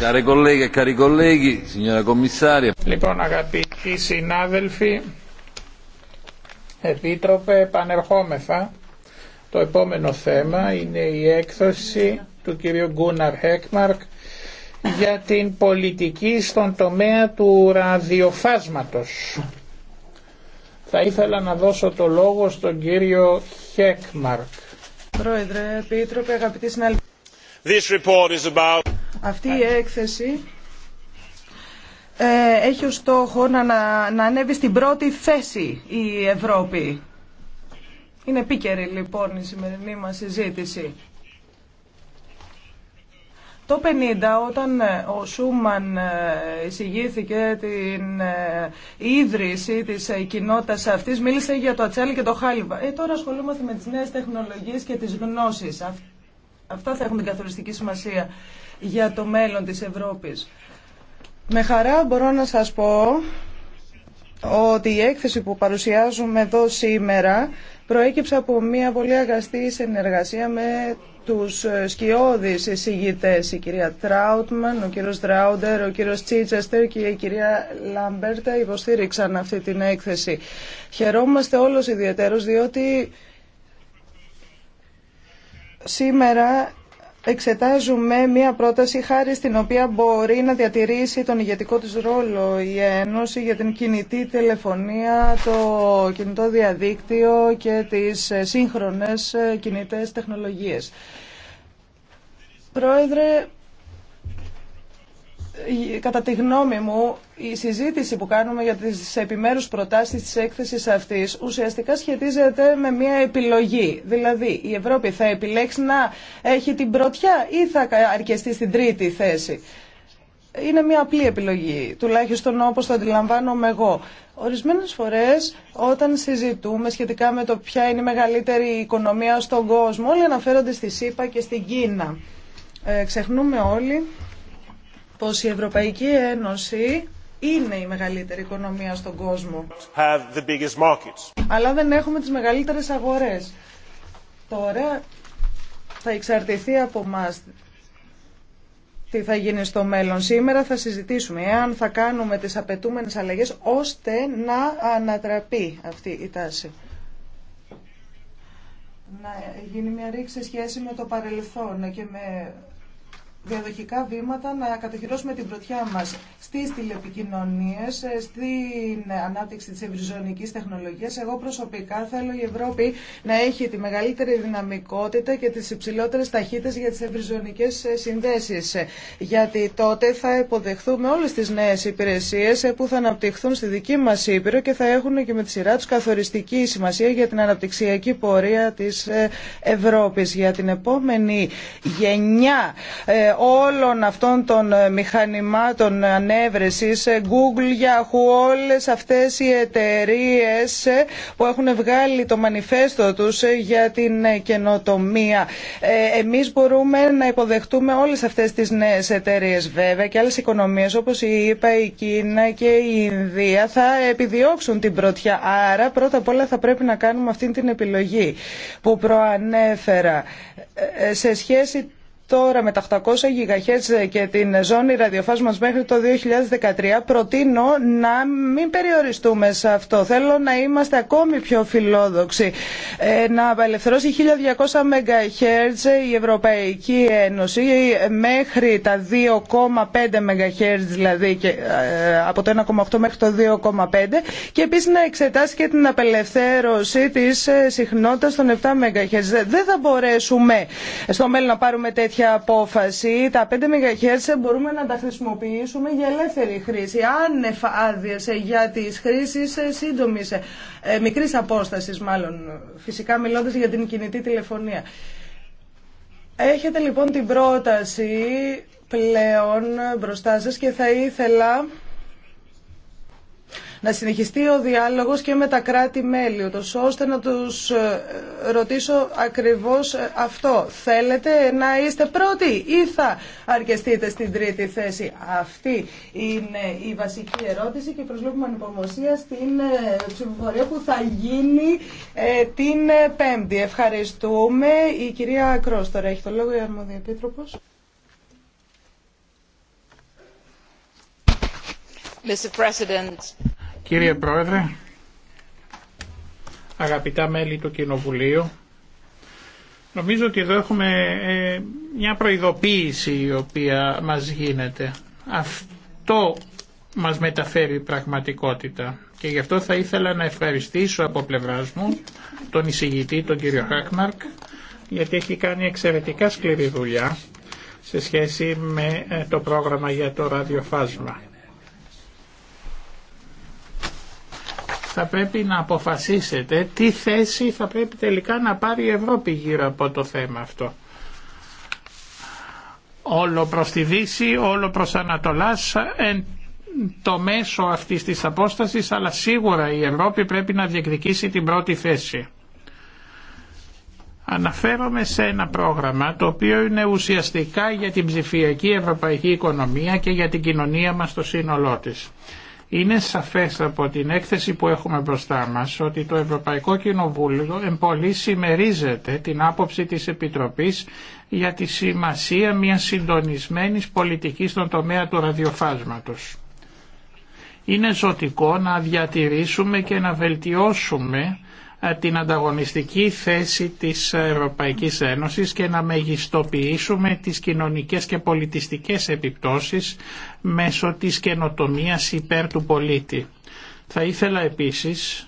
E λοιπόν αγαπητοί συνάδελφοι, επίτροπε επανερχόμεθα. Το επόμενο θέμα είναι η έκθεση του κυρίου Γκούναρ Χέκμαρκ για την πολιτική στον τομέα του ραδιοφάσματος. Θα ήθελα να δώσω το λόγο στον κύριο Χέκμαρκ. Πρόεδρε, επίτροπε, αγαπητοί συνάδελφοι. Αυτή η έκθεση ε, έχει ως στόχο να, να, να ανέβει στην πρώτη θέση η Ευρώπη. Είναι επίκαιρη λοιπόν η σημερινή μας συζήτηση. Το 50 όταν ε, ο Σούμαν ε, εισηγήθηκε την ίδρυση της κοινότητας αυτής μίλησε για το ατσάλι και το χάλιβα. Ε, τώρα ασχολούμαστε με τις νέες τεχνολογίες και τις γνώσεις. Αυτά θα έχουν την καθοριστική σημασία για το μέλλον της Ευρώπης. Με χαρά μπορώ να σας πω ότι η έκθεση που παρουσιάζουμε εδώ σήμερα προέκυψε από μια πολύ αγαστή συνεργασία με τους σκιώδεις εισηγητές, η κυρία Τράουτμαν, ο κύριος Τράουντερ, ο κύριος Τσίτσεστερ και η κυρία Λαμπέρτα υποστήριξαν αυτή την έκθεση. Χαιρόμαστε όλος ιδιαίτερος διότι σήμερα εξετάζουμε μία πρόταση χάρη στην οποία μπορεί να διατηρήσει τον ηγετικό της ρόλο η Ένωση για την κινητή τηλεφωνία, το κινητό διαδίκτυο και τις ε, σύγχρονες ε, κινητές τεχνολογίες. Πρόεδρε, κατά τη γνώμη μου, η συζήτηση που κάνουμε για τις επιμέρους προτάσεις της έκθεσης αυτής ουσιαστικά σχετίζεται με μια επιλογή. Δηλαδή, η Ευρώπη θα επιλέξει να έχει την πρωτιά ή θα αρκεστεί στην τρίτη θέση. Είναι μια απλή επιλογή, τουλάχιστον όπως το αντιλαμβάνομαι εγώ. Ορισμένες φορές όταν συζητούμε σχετικά με το ποια είναι η μεγαλύτερη οικονομία στον κόσμο, όλοι αναφέρονται στη ΣΥΠΑ και στην Κίνα. Ε, ξεχνούμε όλοι πως η Ευρωπαϊκή Ένωση είναι η μεγαλύτερη οικονομία στον κόσμο. Αλλά δεν έχουμε τις μεγαλύτερες αγορές. Τώρα θα εξαρτηθεί από μας τι θα γίνει στο μέλλον. Σήμερα θα συζητήσουμε εάν θα κάνουμε τις απαιτούμενες αλλαγές ώστε να ανατραπεί αυτή η τάση. Να γίνει μια ρήξη σχέση με το παρελθόν και με διαδοχικά βήματα να κατοχυρώσουμε την πρωτιά μας στις τηλεπικοινωνίες, ε, στην ανάπτυξη της ευρυζωνικής τεχνολογίας. Εγώ προσωπικά θέλω η Ευρώπη να έχει τη μεγαλύτερη δυναμικότητα και τις υψηλότερες ταχύτητες για τις ευρυζωνικές ε, συνδέσεις. Ε, γιατί τότε θα υποδεχθούμε όλες τις νέες υπηρεσίες που θα αναπτυχθούν στη δική μας Ήπειρο και θα έχουν και με τη σειρά τους καθοριστική σημασία για την αναπτυξιακή πορεία της Ευρώπης. Για την επόμενη γενιά όλων αυτών των ε, μηχανημάτων ανέβρεσης, ε, Google, Yahoo, όλες αυτές οι εταιρείες ε, που έχουν βγάλει το μανιφέστο τους για την καινοτομία. Εμείς μπορούμε να υποδεχτούμε όλες αυτές τις νέες εταιρείες βέβαια και άλλες οικονομίες όπως η ΕΠΑ, ΕΕ, η Κίνα και η Ινδία θα επιδιώξουν την πρωτιά. Άρα πρώτα απ' όλα θα πρέπει να κάνουμε αυτή την επιλογή που προανέφερα σε σχέση Τώρα με τα 800 GHz και την ζώνη ραδιοφάσματος μέχρι το 2013 προτείνω να μην περιοριστούμε σε αυτό. Θέλω να είμαστε ακόμη πιο φιλόδοξοι. Ε, να απελευθερώσει 1200 MHz η Ευρωπαϊκή Ένωση μέχρι τα 2,5 MHz δηλαδή και, ε, από το 1,8 μέχρι το 2,5 και επίσης να εξετάσει και την απελευθέρωση της ε, συχνότητας των 7 MHz. Δεν θα μπορέσουμε στο μέλλον να πάρουμε τέτοια τέτοια απόφαση, τα 5 MHz μπορούμε να τα χρησιμοποιήσουμε για ελεύθερη χρήση, άνευ άδειε για τι χρήσει σύντομη, ε, μικρή απόσταση μάλλον, φυσικά μιλώντα για την κινητή τηλεφωνία. Έχετε λοιπόν την πρόταση πλέον μπροστά σας και θα ήθελα να συνεχιστεί ο διάλογος και με τα κράτη-μέλη, ώστε να τους ε, ρωτήσω ακριβώς ε, αυτό. Θέλετε να είστε πρώτοι ή θα αρκεστείτε στην τρίτη θέση. Αυτή είναι η βασική ερώτηση και προσβλέπουμε ανυπομοσία στην τριτη θεση αυτη ειναι η βασικη ερωτηση και προσλεπουμε ανυπομοσια στην ψηφοφορια που θα γίνει ε, την Πέμπτη. Ευχαριστούμε. Η κυρία Κρόστορα έχει το λόγο, η αρμόδια Κύριε Πρόεδρε, αγαπητά μέλη του Κοινοβουλίου, νομίζω ότι εδώ έχουμε ε, μια προειδοποίηση η οποία μας γίνεται. Αυτό μας μεταφέρει πραγματικότητα και γι' αυτό θα ήθελα να ευχαριστήσω από πλευράς μου τον εισηγητή, τον κύριο Χάκμαρκ, γιατί έχει κάνει εξαιρετικά σκληρή δουλειά σε σχέση με ε, το πρόγραμμα για το ραδιοφάσμα. θα πρέπει να αποφασίσετε τι θέση θα πρέπει τελικά να πάρει η Ευρώπη γύρω από το θέμα αυτό. Όλο προς τη Δύση, όλο προς Ανατολάς, το μέσο αυτής της απόστασης, αλλά σίγουρα η Ευρώπη πρέπει να διεκδικήσει την πρώτη θέση. Αναφέρομαι σε ένα πρόγραμμα το οποίο είναι ουσιαστικά για την ψηφιακή ευρωπαϊκή οικονομία και για την κοινωνία μας στο σύνολό της. Είναι σαφές από την έκθεση που έχουμε μπροστά μας ότι το Ευρωπαϊκό Κοινοβούλιο εμπολή συμμερίζεται την άποψη της Επιτροπής για τη σημασία μιας συντονισμένης πολιτικής στον τομέα του ραδιοφάσματος. Είναι ζωτικό να διατηρήσουμε και να βελτιώσουμε την ανταγωνιστική θέση της Ευρωπαϊκής Ένωσης και να μεγιστοποιήσουμε τις κοινωνικές και πολιτιστικές επιπτώσεις μέσω της καινοτομίας υπέρ του πολίτη. Θα ήθελα επίσης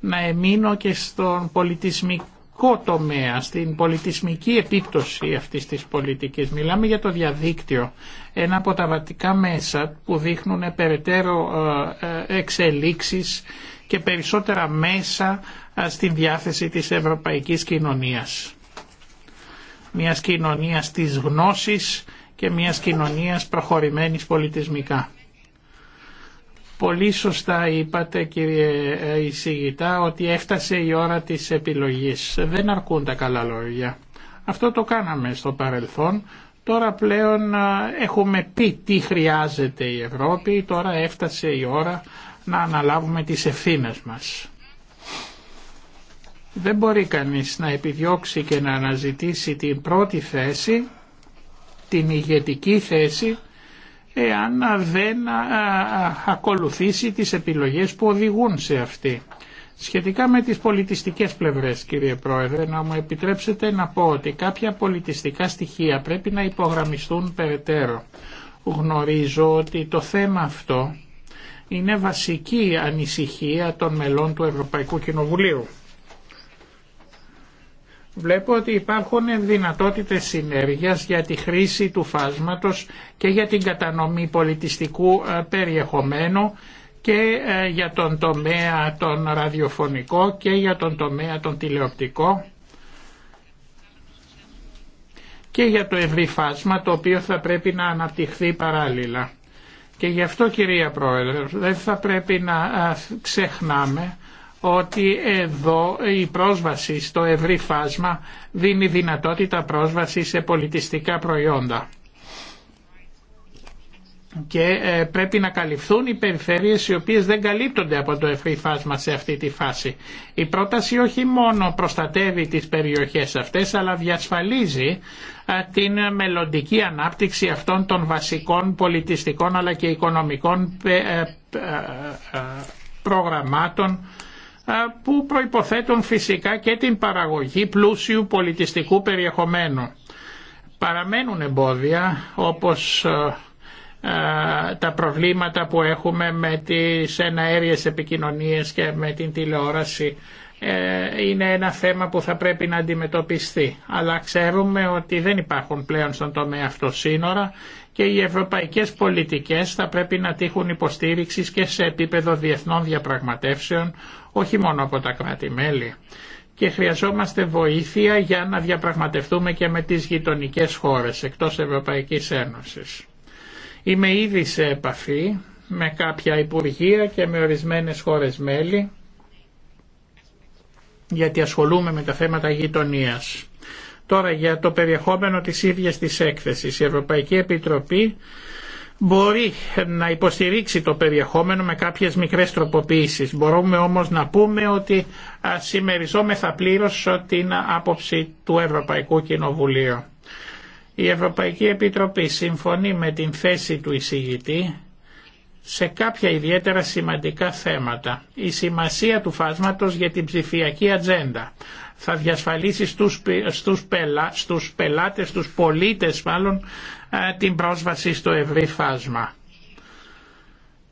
να εμείνω και στον πολιτισμικό τομέα, στην πολιτισμική επίπτωση αυτής της πολιτικής. Μιλάμε για το διαδίκτυο, ένα από τα βατικά μέσα που δείχνουν περαιτέρω ε, ε, εξελίξεις και περισσότερα μέσα στην διάθεση της ευρωπαϊκής κοινωνίας. Μιας κοινωνίας της γνώσης και μιας κοινωνίας προχωρημένης πολιτισμικά. Πολύ σωστά είπατε κύριε ε, Ισηγητά, ότι έφτασε η ώρα της επιλογής. Δεν αρκούν τα καλά λόγια. Αυτό το κάναμε στο παρελθόν. Τώρα πλέον έχουμε πει τι χρειάζεται η Ευρώπη, τώρα έφτασε η ώρα να αναλάβουμε τις ευθύνες μας. Δεν μπορεί κανείς να επιδιώξει και να αναζητήσει την πρώτη θέση, την ηγετική θέση, εάν δεν ακολουθήσει τις επιλογές που οδηγούν σε αυτή. Σχετικά με τις πολιτιστικές πλευρές, κύριε Πρόεδρε, να μου επιτρέψετε να πω ότι κάποια πολιτιστικά στοιχεία πρέπει να υπογραμμιστούν περαιτέρω. Γνωρίζω ότι το θέμα αυτό είναι βασική ανησυχία των μελών του Ευρωπαϊκού Κοινοβουλίου. Βλέπω ότι υπάρχουν δυνατότητες συνέργειας για τη χρήση του φάσματος και για την κατανομή πολιτιστικού ε, περιεχομένου και ε, για τον τομέα τον ραδιοφωνικό και για τον τομέα τον τηλεοπτικό και για το ευρύ φάσμα το οποίο θα πρέπει να αναπτυχθεί παράλληλα. Και γι' αυτό κυρία Πρόεδρε δεν θα πρέπει να ξεχνάμε ότι εδώ η πρόσβαση στο ευρύ φάσμα δίνει δυνατότητα πρόσβαση σε πολιτιστικά προϊόντα και ε, πρέπει να καλυφθούν οι περιφέρειες οι οποίες δεν καλύπτονται από το εφήφασμα σε αυτή τη φάση. Η πρόταση όχι μόνο προστατεύει τις περιοχές αυτές αλλά διασφαλίζει ε, την μελλοντική ανάπτυξη αυτών των βασικών πολιτιστικών αλλά και οικονομικών ε, προγραμμάτων που προϋποθέτουν φυσικά και την παραγωγή πλούσιου πολιτιστικού περιεχομένου. Παραμένουν εμπόδια όπως τα προβλήματα που έχουμε με τις εναέριες επικοινωνίες και με την τηλεόραση ε, είναι ένα θέμα που θα πρέπει να αντιμετωπιστεί. Αλλά ξέρουμε ότι δεν υπάρχουν πλέον στον τομέα αυτό σύνορα και οι ευρωπαϊκές πολιτικές θα πρέπει να τύχουν υποστήριξης και σε επίπεδο διεθνών διαπραγματεύσεων, όχι μόνο από τα κράτη-μέλη. Και χρειαζόμαστε βοήθεια για να διαπραγματευτούμε και με τις γειτονικές χώρες εκτός Ευρωπαϊκής Ένωσης. Είμαι ήδη σε επαφή με κάποια υπουργεία και με ορισμένες χώρες μέλη γιατί ασχολούμαι με τα θέματα γειτονίας. Τώρα για το περιεχόμενο της ίδιας της έκθεσης. Η Ευρωπαϊκή Επιτροπή μπορεί να υποστηρίξει το περιεχόμενο με κάποιες μικρές τροποποίησεις. Μπορούμε όμως να πούμε ότι συμμεριζόμεθα πλήρως την άποψη του Ευρωπαϊκού Κοινοβουλίου. Η Ευρωπαϊκή Επιτροπή συμφωνεί με την θέση του εισηγητή σε κάποια ιδιαίτερα σημαντικά θέματα. Η σημασία του φάσματος για την ψηφιακή ατζέντα θα διασφαλίσει στους, στους, πελά, στους πελάτες, στους πολίτες μάλλον, την πρόσβαση στο ευρύ φάσμα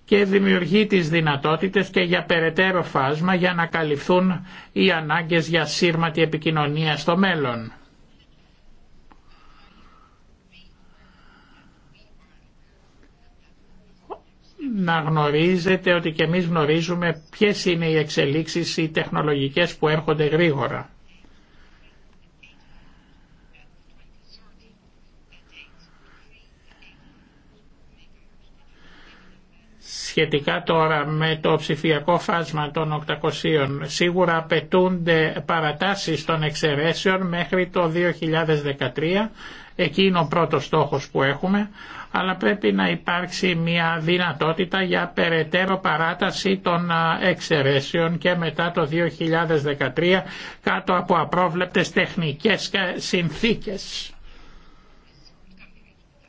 και δημιουργεί τις δυνατότητες και για περαιτέρω φάσμα για να καλυφθούν οι ανάγκες για σύρματη επικοινωνία στο μέλλον. να γνωρίζετε ότι και εμείς γνωρίζουμε ποιες είναι οι εξελίξεις οι τεχνολογικές που έρχονται γρήγορα. σχετικά τώρα με το ψηφιακό φάσμα των 800 σίγουρα απαιτούνται παρατάσεις των εξαιρέσεων μέχρι το 2013 εκεί είναι ο πρώτος στόχος που έχουμε αλλά πρέπει να υπάρξει μια δυνατότητα για περαιτέρω παράταση των εξαιρέσεων και μετά το 2013 κάτω από απρόβλεπτες τεχνικές συνθήκες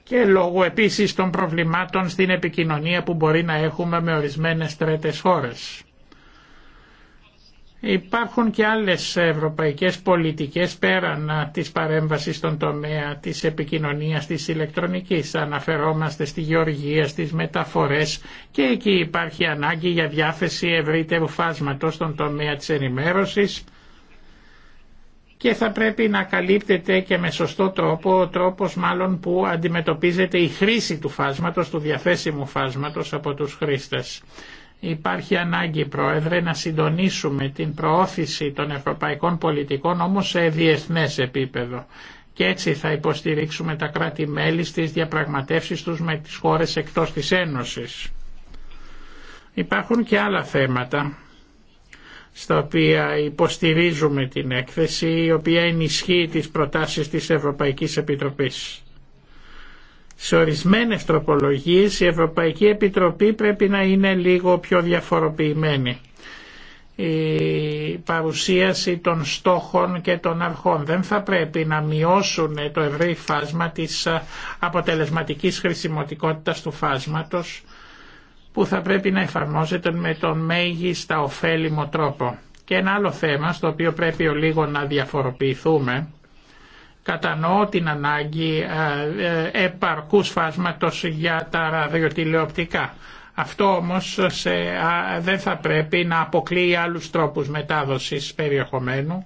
και λόγω επίσης των προβλημάτων στην επικοινωνία που μπορεί να έχουμε με ορισμένες τρέτες χώρες. Υπάρχουν και άλλες ευρωπαϊκές πολιτικές πέραν της παρέμβασης στον τομέα της επικοινωνίας της ηλεκτρονικής. Αναφερόμαστε στη γεωργία, στις μεταφορές και εκεί υπάρχει ανάγκη για διάθεση ευρύτερου φάσματος στον τομέα της ενημέρωσης και θα πρέπει να καλύπτεται και με σωστό τρόπο ο τρόπος μάλλον που αντιμετωπίζεται η χρήση του φάσματος, του διαθέσιμου φάσματος από τους χρήστες. Υπάρχει ανάγκη, Πρόεδρε, να συντονίσουμε την προώθηση των ευρωπαϊκών πολιτικών όμως σε διεθνές επίπεδο και έτσι θα υποστηρίξουμε τα κράτη-μέλη στις διαπραγματεύσεις τους με τις χώρες εκτός της Ένωσης. Υπάρχουν και άλλα θέματα στα οποία υποστηρίζουμε την έκθεση η οποία ενισχύει τις προτάσεις της Ευρωπαϊκής Επιτροπής. Σε ορισμένες τροπολογίες η Ευρωπαϊκή Επιτροπή πρέπει να είναι λίγο πιο διαφοροποιημένη. Η παρουσίαση των στόχων και των αρχών δεν θα πρέπει να μειώσουν το ευρύ φάσμα της αποτελεσματικής χρησιμοτικότητας του φάσματος που θα πρέπει να εφαρμόζεται με τον μέγιστα ωφέλιμο τρόπο. Και ένα άλλο θέμα στο οποίο πρέπει λίγο να διαφοροποιηθούμε Κατανοώ την ανάγκη ε, ε, επαρκούς φάσματος για τα ραδιοτηλεοπτικά. Αυτό όμως δεν θα πρέπει να αποκλείει άλλους τρόπους μετάδοσης περιεχομένου.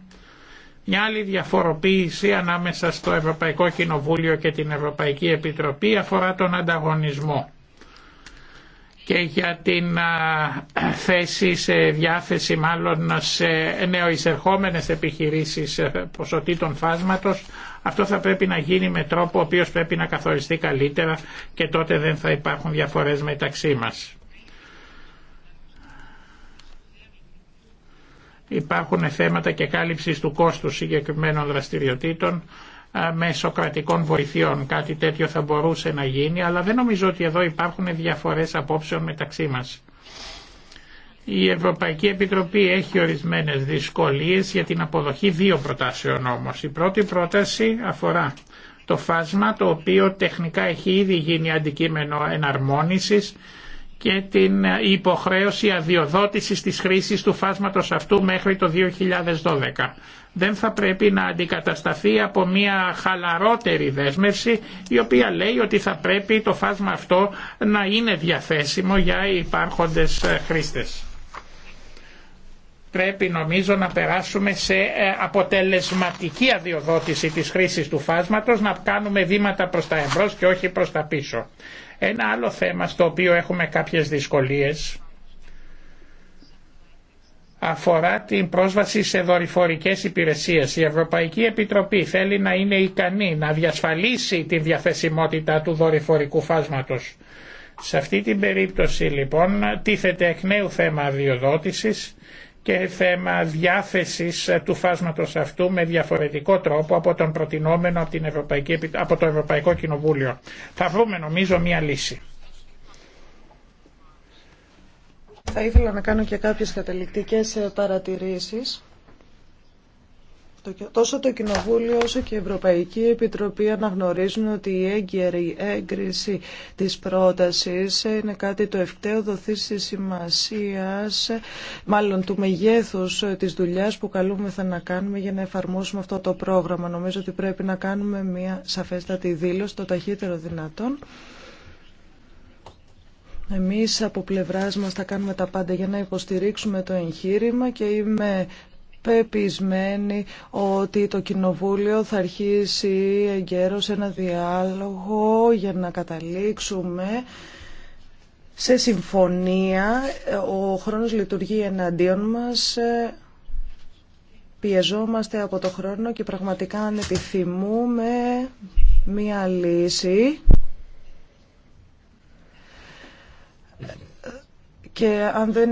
Μια άλλη διαφοροποίηση ανάμεσα στο Ευρωπαϊκό Κοινοβούλιο και την Ευρωπαϊκή Επιτροπή αφορά τον ανταγωνισμό και για την θέση σε διάθεση μάλλον σε νεοεισερχόμενες επιχειρήσεις ε, ποσοτήτων φάσματος αυτό θα πρέπει να γίνει με τρόπο ο οποίος πρέπει να καθοριστεί καλύτερα και τότε δεν θα υπάρχουν διαφορές μεταξύ μας. Υπάρχουν θέματα και κάλυψης του κόστου συγκεκριμένων δραστηριοτήτων μέσω κρατικών βοηθειών. Κάτι τέτοιο θα μπορούσε να γίνει, αλλά δεν νομίζω ότι εδώ υπάρχουν διαφορές απόψεων μεταξύ μας. Η Ευρωπαϊκή Επιτροπή έχει ορισμένες δυσκολίες για την αποδοχή δύο προτάσεων όμως. Η πρώτη πρόταση αφορά το φάσμα το οποίο τεχνικά έχει ήδη γίνει αντικείμενο εναρμόνισης και την υποχρέωση αδειοδότησης της χρήσης του φάσματος αυτού μέχρι το 2012. Δεν θα πρέπει να αντικατασταθεί από μια χαλαρότερη δέσμευση η οποία λέει ότι θα πρέπει το φάσμα αυτό να είναι διαθέσιμο για υπάρχοντες χρήστες πρέπει νομίζω να περάσουμε σε ε, αποτελεσματική αδειοδότηση της χρήσης του φάσματος, να κάνουμε βήματα προς τα εμπρός και όχι προς τα πίσω. Ένα άλλο θέμα στο οποίο έχουμε κάποιες δυσκολίες αφορά την πρόσβαση σε δορυφορικές υπηρεσίες. Η Ευρωπαϊκή Επιτροπή θέλει να είναι ικανή να διασφαλίσει τη διαθεσιμότητα του δορυφορικού φάσματος. Σε αυτή την περίπτωση λοιπόν τίθεται εκ νέου θέμα αδειοδότησης και θέμα διάθεσης του φάσματος αυτού με διαφορετικό τρόπο από τον προτινόμενο από, την το Ευρωπαϊκό Κοινοβούλιο. Θα βρούμε νομίζω μία λύση. Θα ήθελα να κάνω και κάποιες καταληκτικές παρατηρήσεις. Τόσο το Κοινοβούλιο όσο και η Ευρωπαϊκή Επιτροπή αναγνωρίζουν ότι η έγκαιρη έγκριση της πρότασης είναι κάτι το ευκταίο δοθή της σημασίας, μάλλον του μεγέθους της δουλειάς που καλούμεθα να κάνουμε για να εφαρμόσουμε αυτό το πρόγραμμα. Νομίζω ότι πρέπει να κάνουμε μια σαφέστατη δήλωση το ταχύτερο δυνατόν. Εμείς από πλευράς μας θα κάνουμε τα πάντα για να υποστηρίξουμε το εγχείρημα και είμαι πεπισμένη ότι το Κοινοβούλιο θα αρχίσει εγκαίρως ένα διάλογο για να καταλήξουμε σε συμφωνία. Ο χρόνος λειτουργεί εναντίον μας πιεζόμαστε από το χρόνο και πραγματικά αν επιθυμούμε μία λύση και αν δεν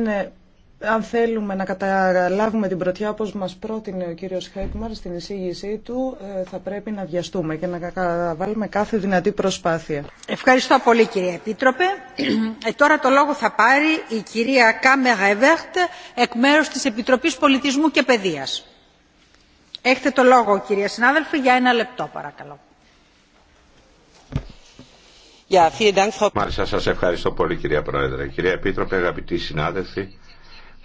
αν θέλουμε να καταλάβουμε την πρωτιά όπως μας πρότεινε ο κύριος Χέκμαρ στην εισήγησή του, ε, θα πρέπει να βιαστούμε και να βάλουμε κάθε δυνατή προσπάθεια. Ευχαριστώ πολύ κύριε Επίτροπε. Ε, τώρα το λόγο θα πάρει η κυρία Κάμερα Εβέρτ εκ μέρους της Επιτροπής Πολιτισμού και Παιδείας. Έχετε το λόγο κυρία συνάδελφη για ένα λεπτό παρακαλώ. Yeah, Μάλιστα σας ευχαριστώ πολύ κυρία Πρόεδρε. Κυρία Επίτροπε, αγαπητοί συνάδελφοι,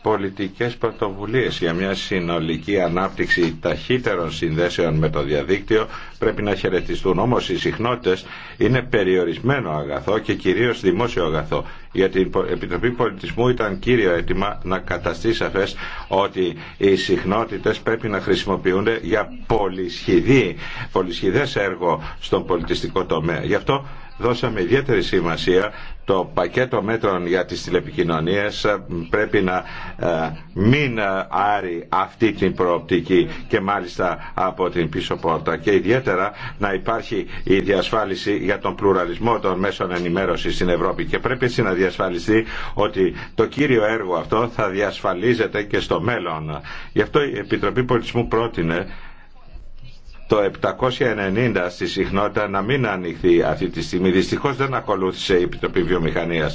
πολιτικές πρωτοβουλίες για μια συνολική ανάπτυξη ταχύτερων συνδέσεων με το διαδίκτυο πρέπει να χαιρετιστούν. Όμως οι συχνότητες είναι περιορισμένο αγαθό και κυρίως δημόσιο αγαθό. Γιατί η Επιτροπή Πολιτισμού ήταν κύριο αίτημα να καταστεί σαφές ότι οι συχνότητες πρέπει να χρησιμοποιούνται για πολυσχηδή, πολυσχηδές έργο στον πολιτιστικό τομέα δώσαμε ιδιαίτερη σημασία το πακέτο μέτρων για τις τηλεπικοινωνίες ε, πρέπει να ε, μην άρει αυτή την προοπτική και μάλιστα από την πίσω πόρτα και ιδιαίτερα να υπάρχει η διασφάλιση για τον πλουραλισμό των μέσων ενημέρωσης στην Ευρώπη και πρέπει έτσι να διασφαλιστεί ότι το κύριο έργο αυτό θα διασφαλίζεται και στο μέλλον. Γι' αυτό η Επιτροπή Πολιτισμού πρότεινε το 790 στη συχνότητα να μην ανοιχθεί αυτή τη στιγμή. Δυστυχώ δεν ακολούθησε η Επιτροπή βιομηχανία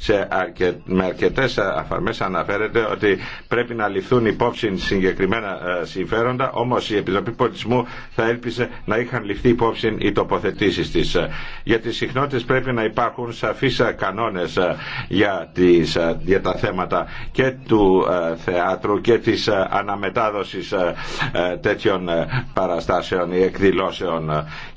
σε αρκε... με αρκετές αφαρμές αναφέρεται ότι πρέπει να ληφθούν υπόψη συγκεκριμένα ε, συμφέροντα, όμως η Επιτροπή Πολιτισμού θα έλπιζε να είχαν ληφθεί υπόψη οι τοποθετήσεις της. Για τις συχνότητες πρέπει να υπάρχουν σαφείς ε, κανόνες ε, για, τις... για τα θέματα και του θεάτρου και της αναμετάδοσης τέτοιων παραστάσεων ή εκδηλώσεων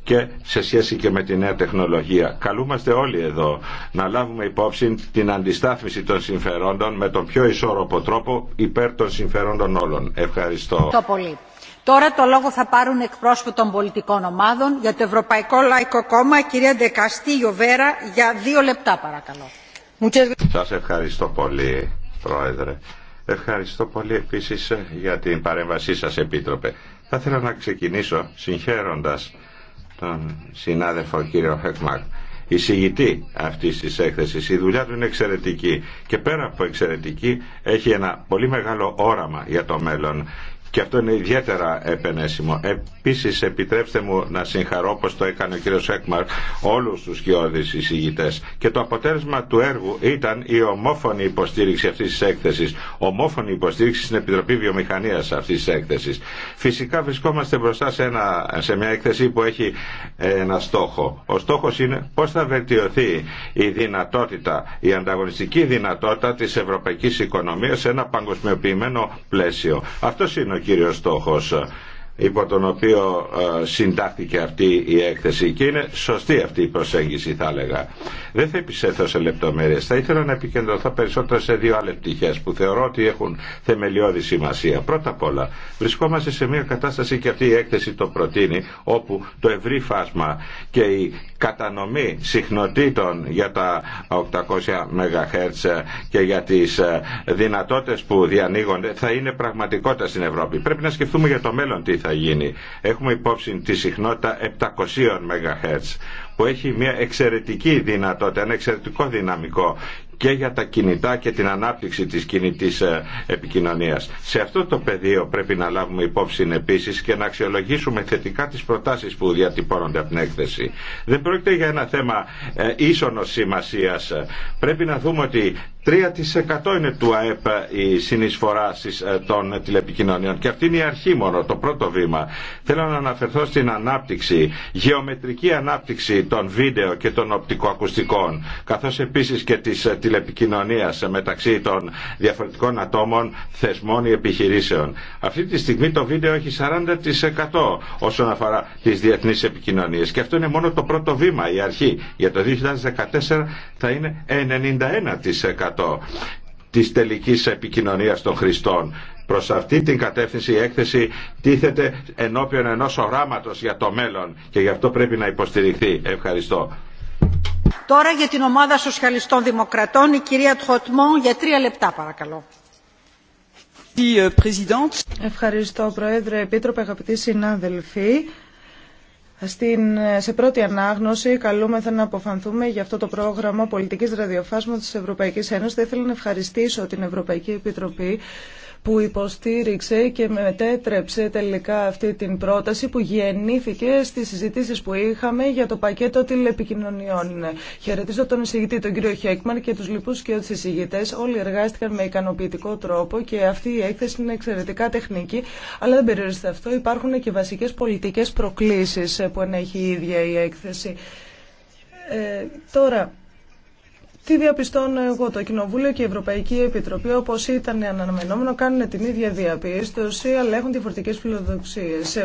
και σε σχέση και με τη νέα τεχνολογία. Καλούμαστε όλοι εδώ να λάβουμε υπόψη την αντιστάθμιση των συμφερόντων με τον πιο ισόρροπο τρόπο υπέρ των συμφερόντων όλων. Ευχαριστώ. Το πολύ. Τώρα το λόγο θα πάρουν εκπρόσωποι των πολιτικών ομάδων για το Ευρωπαϊκό Λαϊκό Κόμμα, κυρία Δεκαστή Ιωβέρα, για δύο λεπτά παρακαλώ. Σας ευχαριστώ πολύ, Πρόεδρε. Ευχαριστώ πολύ επίσης για την παρέμβασή σας, Επίτροπε. Θα ήθελα να ξεκινήσω συγχαίροντας τον συνάδελφο κύριο Η συγητή αυτή τη έκθεση. Η δουλειά του είναι εξαιρετική και πέρα από εξαιρετική έχει ένα πολύ μεγάλο όραμα για το μέλλον και αυτό είναι ιδιαίτερα επενέσιμο. Επίση, επιτρέψτε μου να συγχαρώ όπω το έκανε ο κύριος Έκμαρ όλους τους κοιόδης εισηγητέ. και το αποτέλεσμα του έργου ήταν η ομόφωνη υποστήριξη αυτή τη έκθεση. ομόφωνη υποστήριξη στην Επιτροπή βιομηχανία αυτή τη έκθεση. Φυσικά βρισκόμαστε μπροστά σε, ένα, σε μια έκθεση που έχει ένα στόχο. Ο στόχο είναι πώ θα βελτιωθεί η δυνατότητα, η ανταγωνιστική δυνατότητα τη Ευρωπαϊκή οικονομία σε ένα παγκοσμιοποιημένο πλαίσιο. Αυτό είναι κύριο στόχος υπό τον οποίο ε, συντάχθηκε αυτή η έκθεση και είναι σωστή αυτή η προσέγγιση θα έλεγα. Δεν θα επισέθω σε λεπτομέρειες. Θα ήθελα να επικεντρωθώ περισσότερο σε δύο άλλες πτυχές που θεωρώ ότι έχουν θεμελιώδη σημασία. Πρώτα απ' όλα βρισκόμαστε σε μια κατάσταση και αυτή η έκθεση το προτείνει όπου το ευρύ φάσμα και η κατανομή συχνοτήτων για τα 800 MHz και για τις ε, δυνατότητες που διανοίγονται θα είναι πραγματικότητα στην Ευρώπη. Πρέπει να σκεφτούμε για το μέλλον τι θα γίνει. Έχουμε υπόψη τη συχνότητα 700 MHz που έχει μια εξαιρετική δυνατότητα, ένα εξαιρετικό δυναμικό και για τα κινητά και την ανάπτυξη της κινητής ε, επικοινωνίας. Σε αυτό το πεδίο πρέπει να λάβουμε υπόψη επίσης και να αξιολογήσουμε θετικά τις προτάσεις που διατυπώνονται από την έκθεση. Δεν πρόκειται για ένα θέμα ε, ίσονος σημασίας. Πρέπει να δούμε ότι 3% είναι του ΑΕΠ ε, η συνεισφορά των τηλεπικοινωνιών και αυτή είναι η αρχή μόνο, το πρώτο βήμα. Θέλω να αναφερθώ στην ανάπτυξη, γεωμετρική ανάπτυξη των βίντεο και των οπτικοακουστικών καθώς επίσης και της τηλεπικοινωνία μεταξύ των διαφορετικών ατόμων, θεσμών ή επιχειρήσεων. Αυτή τη στιγμή το βίντεο έχει 40% όσον αφορά τις διεθνείς επικοινωνίες και αυτό είναι μόνο το πρώτο βήμα, η επιχειρησεων αυτη τη στιγμη το βιντεο εχει 40 οσον αφορα τις διεθνεις επικοινωνίε. και αυτο ειναι μονο το πρωτο βημα η αρχη Για το 2014 θα είναι 91% της τελικής επικοινωνίας των χρηστών. Προς αυτή την κατεύθυνση η έκθεση τίθεται ενώπιον ενός οράματος για το μέλλον και γι' αυτό πρέπει να υποστηριχθεί. Ευχαριστώ. Τώρα για την ομάδα Σοσιαλιστών Δημοκρατών, η κυρία Τχοτμό, για τρία λεπτά παρακαλώ. Euh, Ευχαριστώ Πρόεδρε, Επίτροπε, αγαπητοί συνάδελφοι. Στην, σε πρώτη ανάγνωση καλούμεθα να αποφανθούμε για αυτό το πρόγραμμα πολιτικής ραδιοφάσματος της Ευρωπαϊκής Ένωσης. Θα ήθελα να ευχαριστήσω την Ευρωπαϊκή Επιτροπή που υποστήριξε και μετέτρεψε τελικά αυτή την πρόταση που γεννήθηκε στις συζητήσεις που είχαμε για το πακέτο τηλεπικοινωνιών. Χαιρετίζω τον εισηγητή, τον κύριο Χέκμαν και τους λοιπούς και τους εισηγητές. Όλοι εργάστηκαν με ικανοποιητικό τρόπο και αυτή η έκθεση είναι εξαιρετικά τεχνική, αλλά δεν περιορίζεται αυτό. Υπάρχουν και βασικές πολιτικές προκλήσεις που ενέχει η ίδια η έκθεση. Ε, τώρα, τι διαπιστώνω εγώ, το Κοινοβούλιο και η Ευρωπαϊκή Επιτροπή, όπω ήταν αναμενόμενο, κάνουν την ίδια διαπίστωση, αλλά έχουν διαφορετικέ φιλοδοξίε. Ε,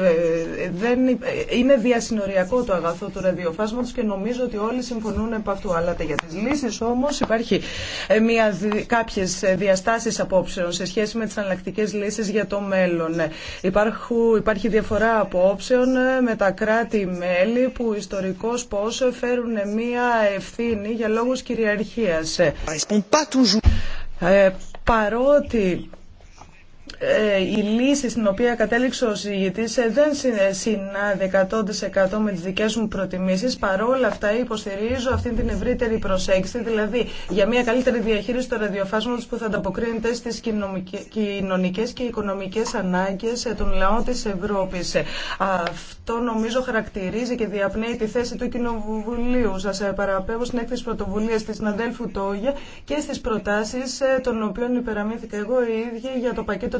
ε, ε, είναι διασυνοριακό το αγαθό του ραδιοφάσματο και νομίζω ότι όλοι συμφωνούν επ' αυτού. Αλλά για τι λύσει όμω υπάρχει κάποιε διαστάσει απόψεων σε σχέση με τι αναλλακτικέ λύσει για το μέλλον. Υπάρχει διαφορά απόψεων με τα κράτη-μέλη που ιστορικώ πόσο φέρουν μία ευθύνη για λόγου κυριαρχία ε, παρότι ε, η λύση στην οποία κατέληξε ο συγητής ε, δεν ε, συνάδει 100% με τις δικές μου προτιμήσεις. Παρόλα αυτά υποστηρίζω αυτή την ευρύτερη προσέγγιση, δηλαδή για μια καλύτερη διαχείριση των ραδιοφάσματος που θα ανταποκρίνεται στις κοινωνικές και οικονομικές ανάγκες των λαών της Ευρώπης. Αυτό νομίζω χαρακτηρίζει και διαπνέει τη θέση του Κοινοβουλίου. Σας παραπέμπω στην έκθεση πρωτοβουλία της συναδέλφου Τόγια και στις προτάσεις των οποίων υπεραμήθηκα εγώ η ίδια για το πακέτο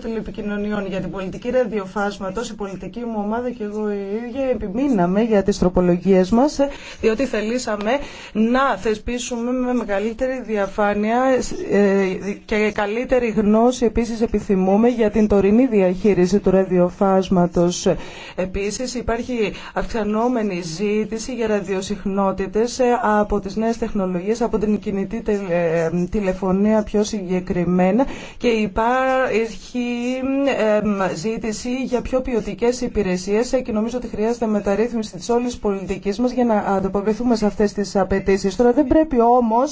για την πολιτική ραδιοφάσματος, η πολιτική μου ομάδα και εγώ η ίδια επιμείναμε για τις τροπολογίες μας, ε, διότι θελήσαμε να θεσπίσουμε με μεγαλύτερη διαφάνεια ε, και καλύτερη γνώση επίσης επιθυμούμε για την τωρινή διαχείριση του ραδιοφάσματος. Επίσης υπάρχει αυξανόμενη ζήτηση για ραδιοσυχνότητες ε, από τις νέες τεχνολογίες, από την κινητή τηλεφωνία πιο συγκεκριμένα και υπάρχει ζήτηση για πιο ποιοτικέ υπηρεσίε και νομίζω ότι χρειάζεται μεταρρύθμιση τη όλη πολιτική μα για να ανταποκριθούμε σε αυτέ τι απαιτήσει. Τώρα δεν πρέπει όμω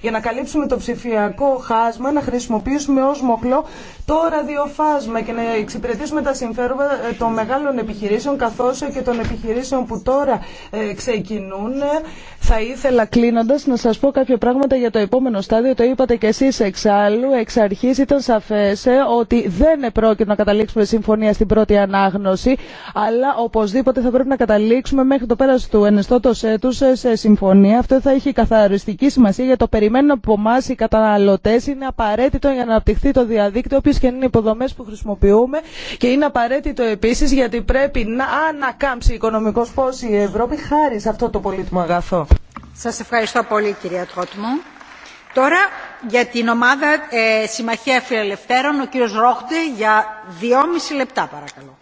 για να καλύψουμε το ψηφιακό χάσμα να χρησιμοποιήσουμε ω μοχλό το ραδιοφάσμα και να εξυπηρετήσουμε τα συμφέροντα ε, των μεγάλων επιχειρήσεων καθώ και των επιχειρήσεων που τώρα ε, ξεκινούν. Θα ήθελα κλείνοντα να σα πω κάποια πράγματα για το επόμενο στάδιο. Το είπατε κι εσεί εξάλλου. Εξ αρχή ήταν σαφέ ότι δεν δεν πρόκειται να καταλήξουμε συμφωνία στην πρώτη ανάγνωση, αλλά οπωσδήποτε θα πρέπει να καταλήξουμε μέχρι το πέρα του ενιστότο έτου σε συμφωνία. Αυτό θα έχει καθαριστική σημασία για το περιμένουν από εμά οι καταναλωτέ. Είναι απαραίτητο για να αναπτυχθεί το διαδίκτυο, όποιε και είναι οι υποδομέ που χρησιμοποιούμε. Και είναι απαραίτητο επίση γιατί πρέπει να ανακάμψει οικονομικό πώ η Ευρώπη χάρη σε αυτό το πολύτιμο αγαθό. Σα ευχαριστώ πολύ κυρία Τρότμου. Τώρα για την ομάδα ε, Συμμαχία Φιλελευθέρων, ο κύριος Ρόχτε για δυόμιση λεπτά παρακαλώ.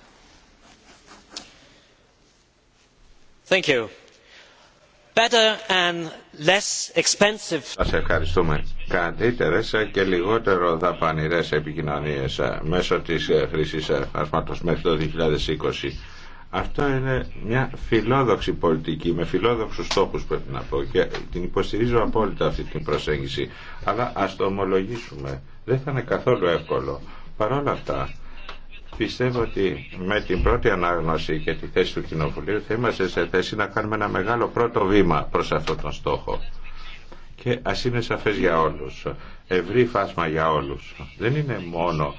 Thank Σας ευχαριστούμε. Καλύτερες και λιγότερο δαπανηρές επικοινωνίες ε, μέσω της ε, χρήσης ασματός ε, μέχρι το 2020 αυτό είναι μια φιλόδοξη πολιτική, με φιλόδοξους στόχους πρέπει να πω και την υποστηρίζω απόλυτα αυτή την προσέγγιση. Αλλά ας το ομολογήσουμε, δεν θα είναι καθόλου εύκολο. Παρ' όλα αυτά, πιστεύω ότι με την πρώτη ανάγνωση και τη θέση του Κοινοβουλίου θα είμαστε σε θέση να κάνουμε ένα μεγάλο πρώτο βήμα προς αυτόν τον στόχο. Και ας είναι σαφές για όλους, ευρύ φάσμα για όλους. Δεν είναι μόνο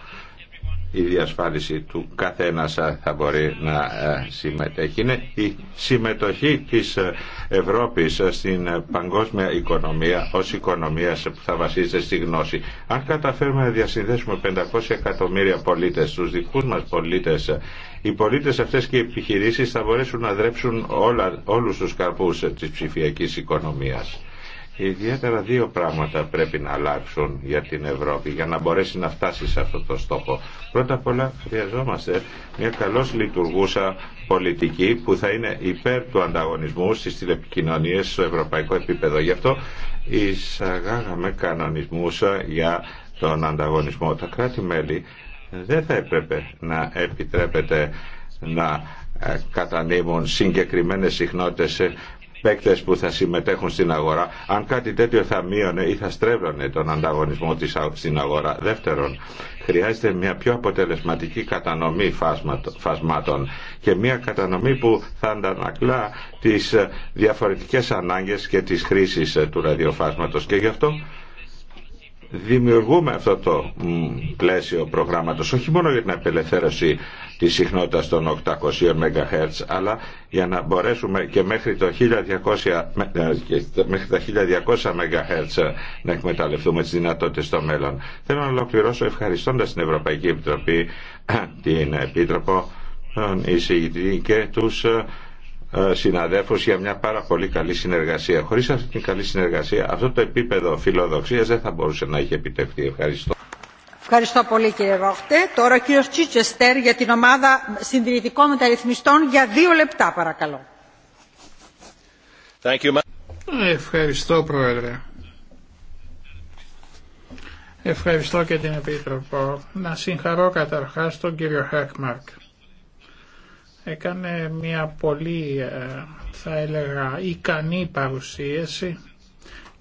η διασφάλιση του καθένα ε, θα μπορεί να ε, συμμετέχει. Είναι η συμμετοχή της ε, Ευρώπης στην παγκόσμια οικονομία ως οικονομία που θα βασίζεται στη γνώση. Αν καταφέρουμε να διασυνδέσουμε 500 εκατομμύρια πολίτες, τους δικούς μας πολίτες, οι πολίτες αυτές και οι επιχειρήσεις θα μπορέσουν να δρέψουν όλου όλους τους καρπούς της ψηφιακής οικονομίας. Ιδιαίτερα δύο πράγματα πρέπει να αλλάξουν για την Ευρώπη για να μπορέσει να φτάσει σε αυτό το στόχο. Πρώτα απ' όλα χρειαζόμαστε μια καλώς λειτουργούσα πολιτική που θα είναι υπέρ του ανταγωνισμού στις τηλεπικοινωνίες στο ευρωπαϊκό επίπεδο. Γι' αυτό εισαγάγαμε κανονισμούς ε, για τον ανταγωνισμό. Τα κράτη-μέλη δεν θα έπρεπε να επιτρέπεται να ε, κατανείμουν συγκεκριμένες συχνότητες παίκτες που θα συμμετέχουν στην αγορά αν κάτι τέτοιο θα μείωνε ή θα στρέβλωνε τον ανταγωνισμό της στην αγορά. Δεύτερον, χρειάζεται μια πιο αποτελεσματική κατανομή φασμάτων και μια κατανομή που θα αντανακλά τις ε, διαφορετικές ανάγκες και τις χρήσεις ε, του ραδιοφάσματος και γι' αυτό δημιουργούμε αυτό το πλαίσιο προγράμματος όχι μόνο για την απελευθέρωση της συχνότητας των 800 MHz αλλά για να μπορέσουμε και μέχρι, το 1200, ε, μέχρι τα 1200 MHz να εκμεταλλευτούμε τις δυνατότητες στο μέλλον. Θέλω να ολοκληρώσω ευχαριστώντας την Ευρωπαϊκή Επιτροπή, την Επίτροπο, τον εισηγητή και τους ε, ε, συναδέφος για μια πάρα πολύ καλή συνεργασία. Χωρίς αυτή την καλή συνεργασία αυτό το επίπεδο φιλοδοξίας δεν θα μπορούσε να έχει επιτευχθεί. Ευχαριστώ. Ευχαριστώ πολύ κύριε Ρόχτε. Τώρα ο κύριος Τσίτσεστερ για την ομάδα συντηρητικών μεταρρυθμιστών για δύο λεπτά παρακαλώ. Thank you. Ευχαριστώ Πρόεδρε. Ευχαριστώ και την Επίτροπο. Να συγχαρώ καταρχάς τον κύριο Χακμάρκ έκανε μια πολύ ε, θα έλεγα ικανή παρουσίαση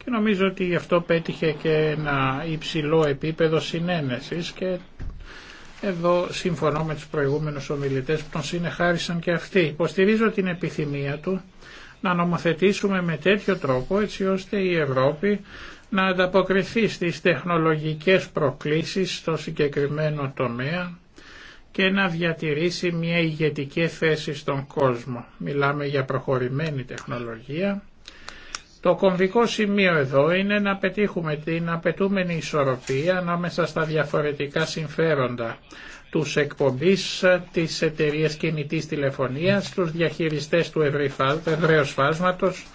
και νομίζω ότι γι' αυτό πέτυχε και ένα υψηλό επίπεδο συνένεσης και εδώ συμφωνώ με τους προηγούμενους ομιλητές που τον συνεχάρισαν και αυτοί. Υποστηρίζω την επιθυμία του να νομοθετήσουμε με τέτοιο τρόπο έτσι ώστε η Ευρώπη να ανταποκριθεί στις τεχνολογικές προκλήσεις στο συγκεκριμένο τομέα και να διατηρήσει μια ηγετική θέση στον κόσμο. Μιλάμε για προχωρημένη τεχνολογία. Το κομβικό σημείο εδώ είναι να πετύχουμε την απαιτούμενη ισορροπία ανάμεσα στα διαφορετικά συμφέροντα τους εκπομπής της εταιρείας κινητής τηλεφωνίας, τους διαχειριστές του ευρεοσφάσματος φάσματος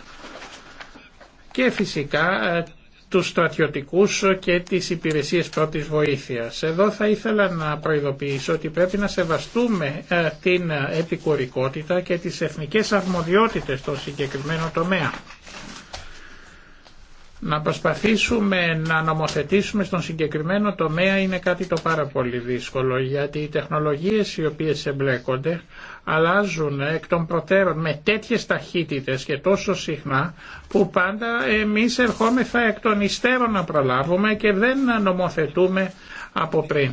και φυσικά ε, τους στρατιωτικούς και τις υπηρεσίες πρώτης βοήθειας. Εδώ θα ήθελα να προειδοποιήσω ότι πρέπει να σεβαστούμε ε, την επικουρικότητα και τις εθνικές αρμοδιότητες στο συγκεκριμένο τομέα. Να προσπαθήσουμε να νομοθετήσουμε στον συγκεκριμένο τομέα είναι κάτι το πάρα πολύ δύσκολο γιατί οι τεχνολογίες οι οποίες εμπλέκονται αλλάζουν εκ των προτέρων με τέτοιες ταχύτητες και τόσο συχνά που πάντα εμείς ερχόμεθα εκ των υστέρων να προλάβουμε και δεν νομοθετούμε από πριν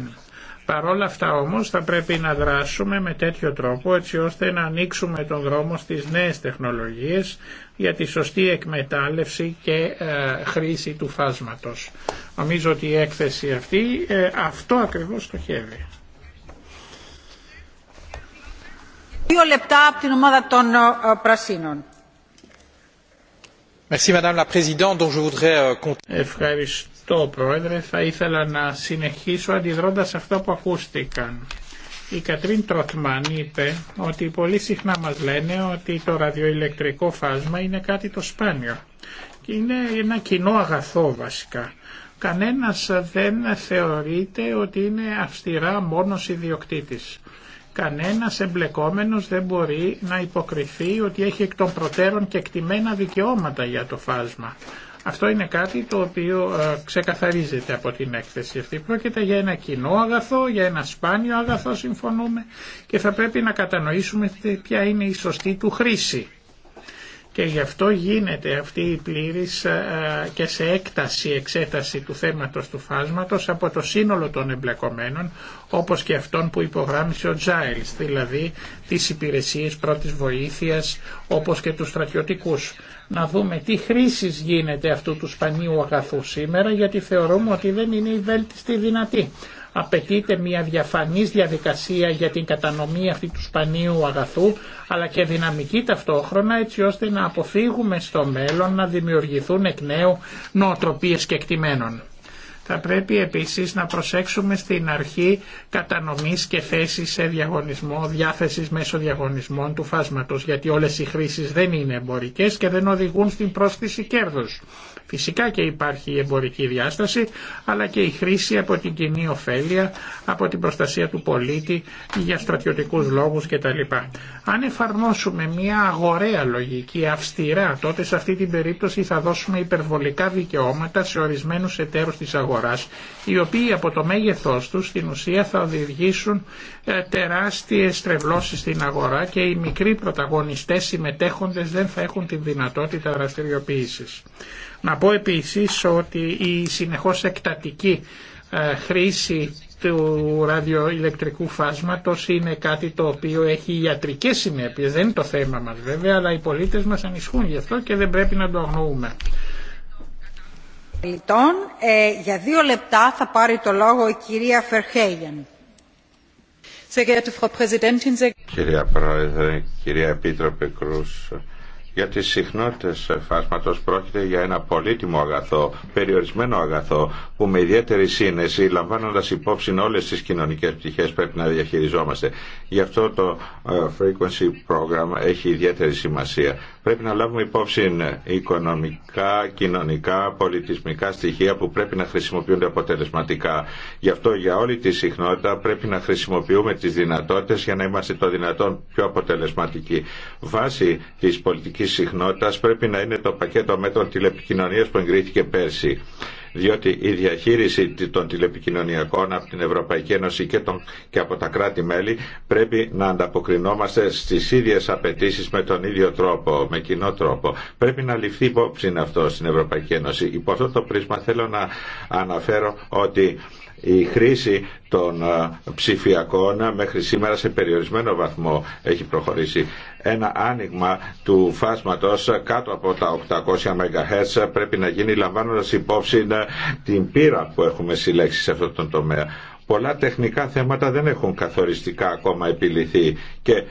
όλα αυτά όμως θα πρέπει να δράσουμε με τέτοιο τρόπο έτσι ώστε να ανοίξουμε τον δρόμο στις νέες τεχνολογίες για τη σωστή εκμετάλλευση και ε, χρήση του φάσματος. Νομίζω ότι η έκθεση αυτή ε, αυτό ακριβώς στοχεύει. Δύο λεπτά από την ομάδα των ε, Πρασίνων. Merci Madame la Présidente, je voudrais... Euh, το Πρόεδρε. Θα ήθελα να συνεχίσω αντιδρώντας αυτό που ακούστηκαν. Η Κατρίν Τροθμάν είπε ότι πολύ συχνά μας λένε ότι το ραδιοηλεκτρικό φάσμα είναι κάτι το σπάνιο. Και είναι ένα κοινό αγαθό βασικά. Κανένας δεν θεωρείται ότι είναι αυστηρά μόνος ιδιοκτήτης. Κανένας εμπλεκόμενος δεν μπορεί να υποκριθεί ότι έχει εκ των προτέρων και εκτιμένα δικαιώματα για το φάσμα. Αυτό είναι κάτι το οποίο ε, ξεκαθαρίζεται από την έκθεση αυτή. Πρόκειται για ένα κοινό αγαθό, για ένα σπάνιο αγαθό συμφωνούμε και θα πρέπει να κατανοήσουμε ποια είναι η σωστή του χρήση. Και γι' αυτό γίνεται αυτή η πλήρης ε, ε, και σε έκταση εξέταση του θέματος του φάσματος από το σύνολο των εμπλεκομένων, όπως και αυτών που υπογράμμισε ο Τζάιλς, δηλαδή τις υπηρεσίες πρώτης βοήθειας, όπως και τους στρατιωτικούς να δούμε τι χρήσης γίνεται αυτού του σπανίου αγαθού σήμερα γιατί θεωρούμε ότι δεν είναι η βέλτιστη δυνατή. Απαιτείται μια διαφανής διαδικασία για την κατανομή αυτού του σπανίου αγαθού αλλά και δυναμική ταυτόχρονα έτσι ώστε να αποφύγουμε στο μέλλον να δημιουργηθούν εκ νέου νοοτροπίες εκτιμένων. Θα πρέπει επίσης να προσέξουμε στην αρχή κατανομής και θέση σε διαγωνισμό, διάθεσης μέσω διαγωνισμών του φάσματος, γιατί όλες οι χρήσεις δεν είναι εμπορικές και δεν οδηγούν στην πρόσθεση κέρδους. Φυσικά και υπάρχει η εμπορική διάσταση, αλλά και η χρήση από την κοινή ωφέλεια, από την προστασία του πολίτη για στρατιωτικούς λόγους κτλ. Αν εφαρμόσουμε μια αγοραία λογική, αυστηρά, τότε σε αυτή την περίπτωση θα δώσουμε υπερβολικά δικαιώματα σε ορισμένους εταίρους της αγοράς, οι οποίοι από το μέγεθός τους στην ουσία θα οδηγήσουν ε, τεράστιες στρεβλώσεις στην αγορά και οι μικροί πρωταγωνιστές συμμετέχοντες δεν θα έχουν την δυνατότητα δραστηριοποίησης. Να πω επίσης ότι η συνεχώς εκτατική ε, χρήση του ραδιοηλεκτρικού φάσματος είναι κάτι το οποίο έχει ιατρικές συνέπειες. Δεν είναι το θέμα μας βέβαια, αλλά οι πολίτες μας ανισχούν γι' αυτό και δεν πρέπει να το αγνοούμε. Λοιπόν, για δύο λεπτά θα πάρει το λόγο η κυρία Φερχέγεν. Κυρία Πρόεδρε, κυρία Επίτροπε Κρούς, για τις συχνότητες φάσματος πρόκειται για ένα πολύτιμο αγαθό, περιορισμένο αγαθό, που με ιδιαίτερη σύνεση, λαμβάνοντας υπόψη όλες τις κοινωνικές πτυχές, πρέπει να διαχειριζόμαστε. Γι' αυτό το ε, Frequency Program έχει ιδιαίτερη σημασία. Πρέπει να λάβουμε υπόψη ε, οικονομικά, κοινωνικά, πολιτισμικά στοιχεία που πρέπει να χρησιμοποιούνται αποτελεσματικά. Γι' αυτό για όλη τη συχνότητα πρέπει να χρησιμοποιούμε τις δυνατότητες για να είμαστε το δυνατόν πιο αποτελεσματικοί. Βάσει της πολιτικής υψηλής πρέπει να είναι το πακέτο μέτρων τηλεπικοινωνίας που εγκρίθηκε πέρσι διότι η διαχείριση των τηλεπικοινωνιακών από την Ευρωπαϊκή Ένωση και, τον, και από τα κράτη-μέλη πρέπει να ανταποκρινόμαστε στις ίδιες απαιτήσει με τον ίδιο τρόπο, με κοινό τρόπο. Πρέπει να ληφθεί υπόψη αυτό στην Ευρωπαϊκή Ένωση. Υπό αυτό το πρίσμα θέλω να αναφέρω ότι η χρήση των ε, ψηφιακών ε, μέχρι σήμερα σε περιορισμένο βαθμό έχει προχωρήσει. Ένα άνοιγμα του φάσματος κάτω από τα 800 MHz πρέπει να γίνει λαμβάνοντας υπόψη ε, την πείρα που έχουμε συλλέξει σε αυτόν τον τομέα. Πολλά τεχνικά θέματα δεν έχουν καθοριστικά ακόμα επιληθεί και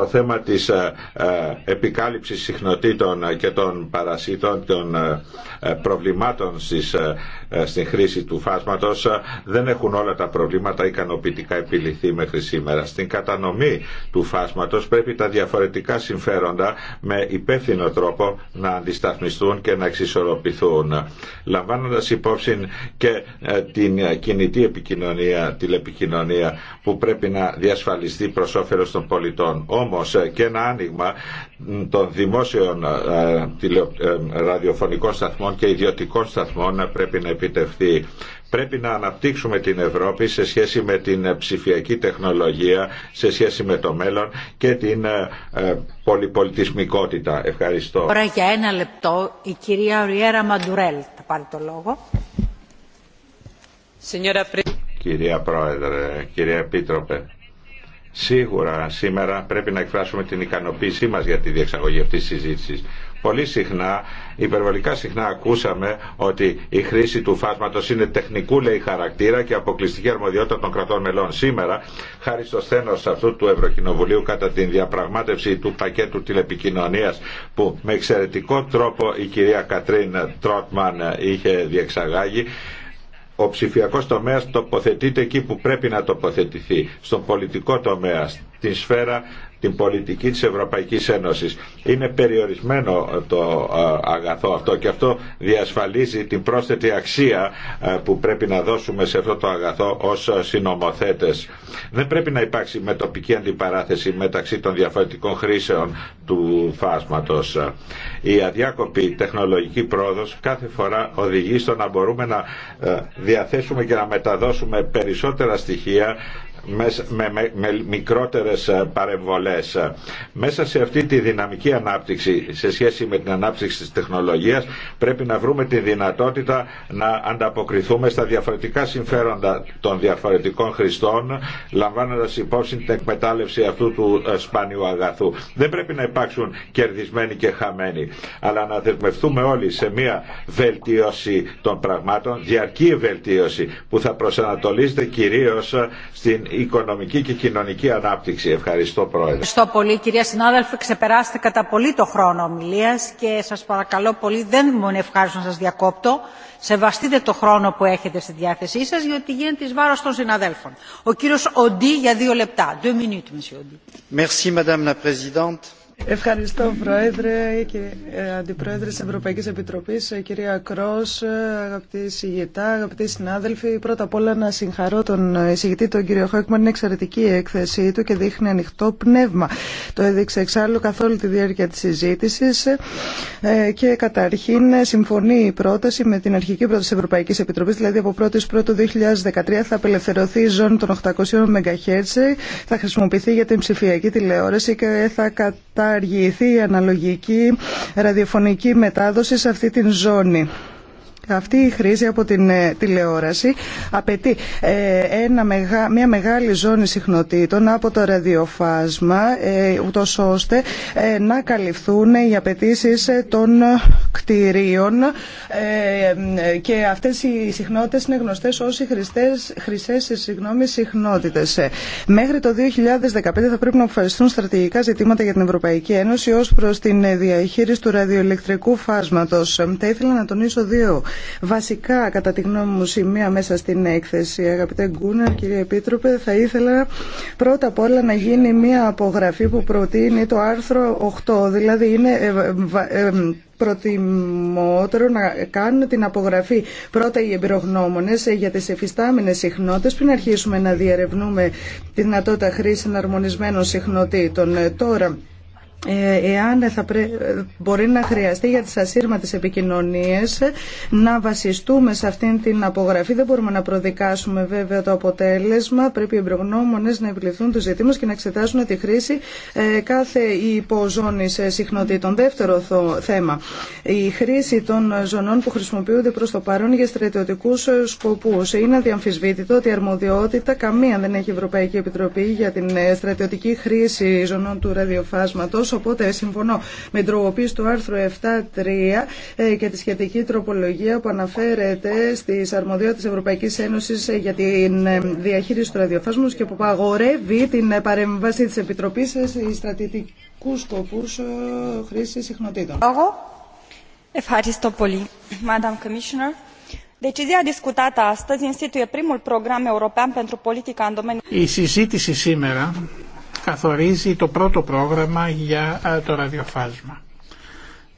το θέμα της ε, ε, επικάλυψης συχνοτήτων και των παρασίτων των ε, προβλημάτων στις, στην χρήση του φάσματος δεν έχουν όλα τα προβλήματα ικανοποιητικά επιληθεί μέχρι σήμερα. Στην κατανομή του φάσματος πρέπει τα διαφορετικά συμφέροντα με υπεύθυνο τρόπο να αντισταθμιστούν και να εξισορροπηθούν. Λαμβάνοντας υπόψη και την κινητή επικοινωνία, τηλεπικοινωνία που πρέπει να διασφαλιστεί προς όφελος των πολιτών. Όμως ε, και ένα άνοιγμα των δημόσιων ε, ε, ραδιοφωνικών σταθμών και ιδιωτικών σταθμών πρέπει να επιτευχθεί. Πρέπει να αναπτύξουμε την Ευρώπη σε σχέση με την ψηφιακή τεχνολογία, σε σχέση με το μέλλον και την πολυπολιτισμικότητα. Ευχαριστώ. Τώρα για ένα λεπτό η κυρία Ριέρα Μαντουρέλ θα πάρει το λόγο. Κυρία Πρόεδρε, κυρία Επίτροπε, Σίγουρα σήμερα πρέπει να εκφράσουμε την ικανοποίησή μας για τη διεξαγωγή αυτής της συζήτησης. Πολύ συχνά, υπερβολικά συχνά ακούσαμε ότι η χρήση του φάσματος είναι τεχνικού λέει χαρακτήρα και αποκλειστική αρμοδιότητα των κρατών μελών. Σήμερα, χάρη στο σθένος αυτού του Ευρωκοινοβουλίου κατά την διαπραγμάτευση του πακέτου τηλεπικοινωνίας που με εξαιρετικό τρόπο η κυρία Κατρίν Τρότμαν είχε διεξαγάγει, ο ψηφιακός τομέας τοποθετείται εκεί που πρέπει να τοποθετηθεί, στον πολιτικό τομέα, στην σφαίρα την πολιτική της Ευρωπαϊκής Ένωσης. Είναι περιορισμένο το ε, αγαθό αυτό και αυτό διασφαλίζει την πρόσθετη αξία ε, που πρέπει να δώσουμε σε αυτό το αγαθό ως ε, συνομοθέτες. Δεν πρέπει να υπάρξει μετοπική αντιπαράθεση μεταξύ των διαφορετικών χρήσεων του φάσματος. Η αδιάκοπη τεχνολογική πρόοδος κάθε φορά οδηγεί στο να μπορούμε να διαθέσουμε και να μεταδώσουμε περισσότερα στοιχεία με μικρότερες ε, παρεμβολές. Μέσα σε αυτή τη δυναμική ανάπτυξη σε σχέση με την ανάπτυξη της τεχνολογίας πρέπει να βρούμε τη δυνατότητα να ανταποκριθούμε στα διαφορετικά συμφέροντα των διαφορετικών χρηστών λαμβάνοντας υπόψη την εκμετάλλευση αυτού του ε, σπάνιου αγαθού. Δεν πρέπει να υπάρξουν κερδισμένοι και χαμένοι αλλά να δεσμευτούμε όλοι σε μια βελτίωση των πραγμάτων, διαρκή βελτίωση που θα προσανατολίζεται κυρίως ε, στην οικονομική και κοινωνική ανάπτυξη. Ευχαριστώ Πρόεδρε. Ευχαριστώ πολύ κυρία συνάδελφε. Ξεπεράσετε κατά πολύ το χρόνο ομιλία και σας παρακαλώ πολύ δεν μου είναι ευχάριστο να σας διακόπτω. Σεβαστείτε το χρόνο που έχετε στη διάθεσή σας γιατί γίνεται ει βάρος των συναδέλφων. Ο κύριος Οντί για δύο λεπτά. minutes, monsieur Ευχαριστώ Πρόεδρε και ε, Αντιπρόεδρε της Ευρωπαϊκής Επιτροπής, ε, κυρία Κρό, ε, αγαπητοί συγητά, αγαπητοί συνάδελφοι. Πρώτα απ' όλα να συγχαρώ τον συγητή, τον κύριο Χόικμαν, είναι εξαιρετική η έκθεσή του και δείχνει ανοιχτό πνεύμα. Το έδειξε εξάλλου καθ' όλη τη διάρκεια της συζήτησης και καταρχήν συμφωνεί η πρόταση με την αρχική πρόταση της Ευρωπαϊκής Επιτροπής, δηλαδή από 1η 2013 θα απελευθερωθεί η ζώνη των 800 MHz, θα χρησιμοποιηθεί για την ψηφιακή τηλεόραση και θα κατά αργηθεί η αναλογική ραδιοφωνική μετάδοση σε αυτή την ζώνη. Αυτή η χρήση από την ε, τηλεόραση απαιτεί ε, ένα μια μεγάλη ζώνη συχνοτήτων από το ραδιοφάσμα ε, ούτως ώστε να καλυφθούν οι απαιτήσει των κτηρίων και αυτές οι συχνότητες είναι γνωστές ως οι χρηστές, χρυσές συχνότητες. Μέχρι το 2015 θα πρέπει να αποφασιστούν στρατηγικά ζητήματα για την Ευρωπαϊκή Ένωση ως προς την διαχείριση του ραδιοελεκτρικού φάσματος. Θα ήθελα να τονίσω δύο βασικά κατά τη γνώμη μου σημεία μέσα στην έκθεση. Αγαπητέ Γκούναρ, κύριε Επίτροπε, θα ήθελα πρώτα απ' όλα να γίνει μια απογραφή που προτείνει το άρθρο 8, δηλαδή είναι ε, ε, προτιμότερο να κάνουν την απογραφή πρώτα οι εμπειρογνώμονε ε, για τι εφιστάμενε συχνότητε πριν αρχίσουμε να διαρευνούμε τη δυνατότητα χρήση εναρμονισμένων συχνοτήτων. Τώρα, ε, εάν θα πρέ... μπορεί να χρειαστεί για τις ασύρματες επικοινωνίες να βασιστούμε σε αυτήν την απογραφή. Δεν μπορούμε να προδικάσουμε βέβαια το αποτέλεσμα. Πρέπει οι προγνώμονες να επιληφθούν τους ζητήμους και να εξετάσουν τη χρήση ε, κάθε υποζώνης ε, συχνοτήτων. Δεύτερο θέμα, η χρήση των ζωνών που χρησιμοποιούνται προς το παρόν για στρατιωτικούς σκοπούς. Είναι αδιαμφισβήτητο ότι αρμοδιότητα καμία δεν έχει η Ευρωπαϊκή Επιτροπή για την στρατιωτική χρήση ζωνών του ραδιοφάσματος οπότε συμφωνώ με την τροποποίηση του άρθρου 7.3 ε, και τη σχετική τροπολογία που αναφέρεται στις της Ευρωπαϊκής Ένωσης ε, για την ε, διαχείριση του ραδιοφάσμου και που παγορεύει την παρέμβαση της Επιτροπής σε στρατητικούς σκοπούς χρήσης συχνοτήτων. Ευχαριστώ πολύ, Madam Commissioner. Decizia discutată Η συζήτηση σήμερα καθορίζει το πρώτο πρόγραμμα για το ραδιοφάσμα.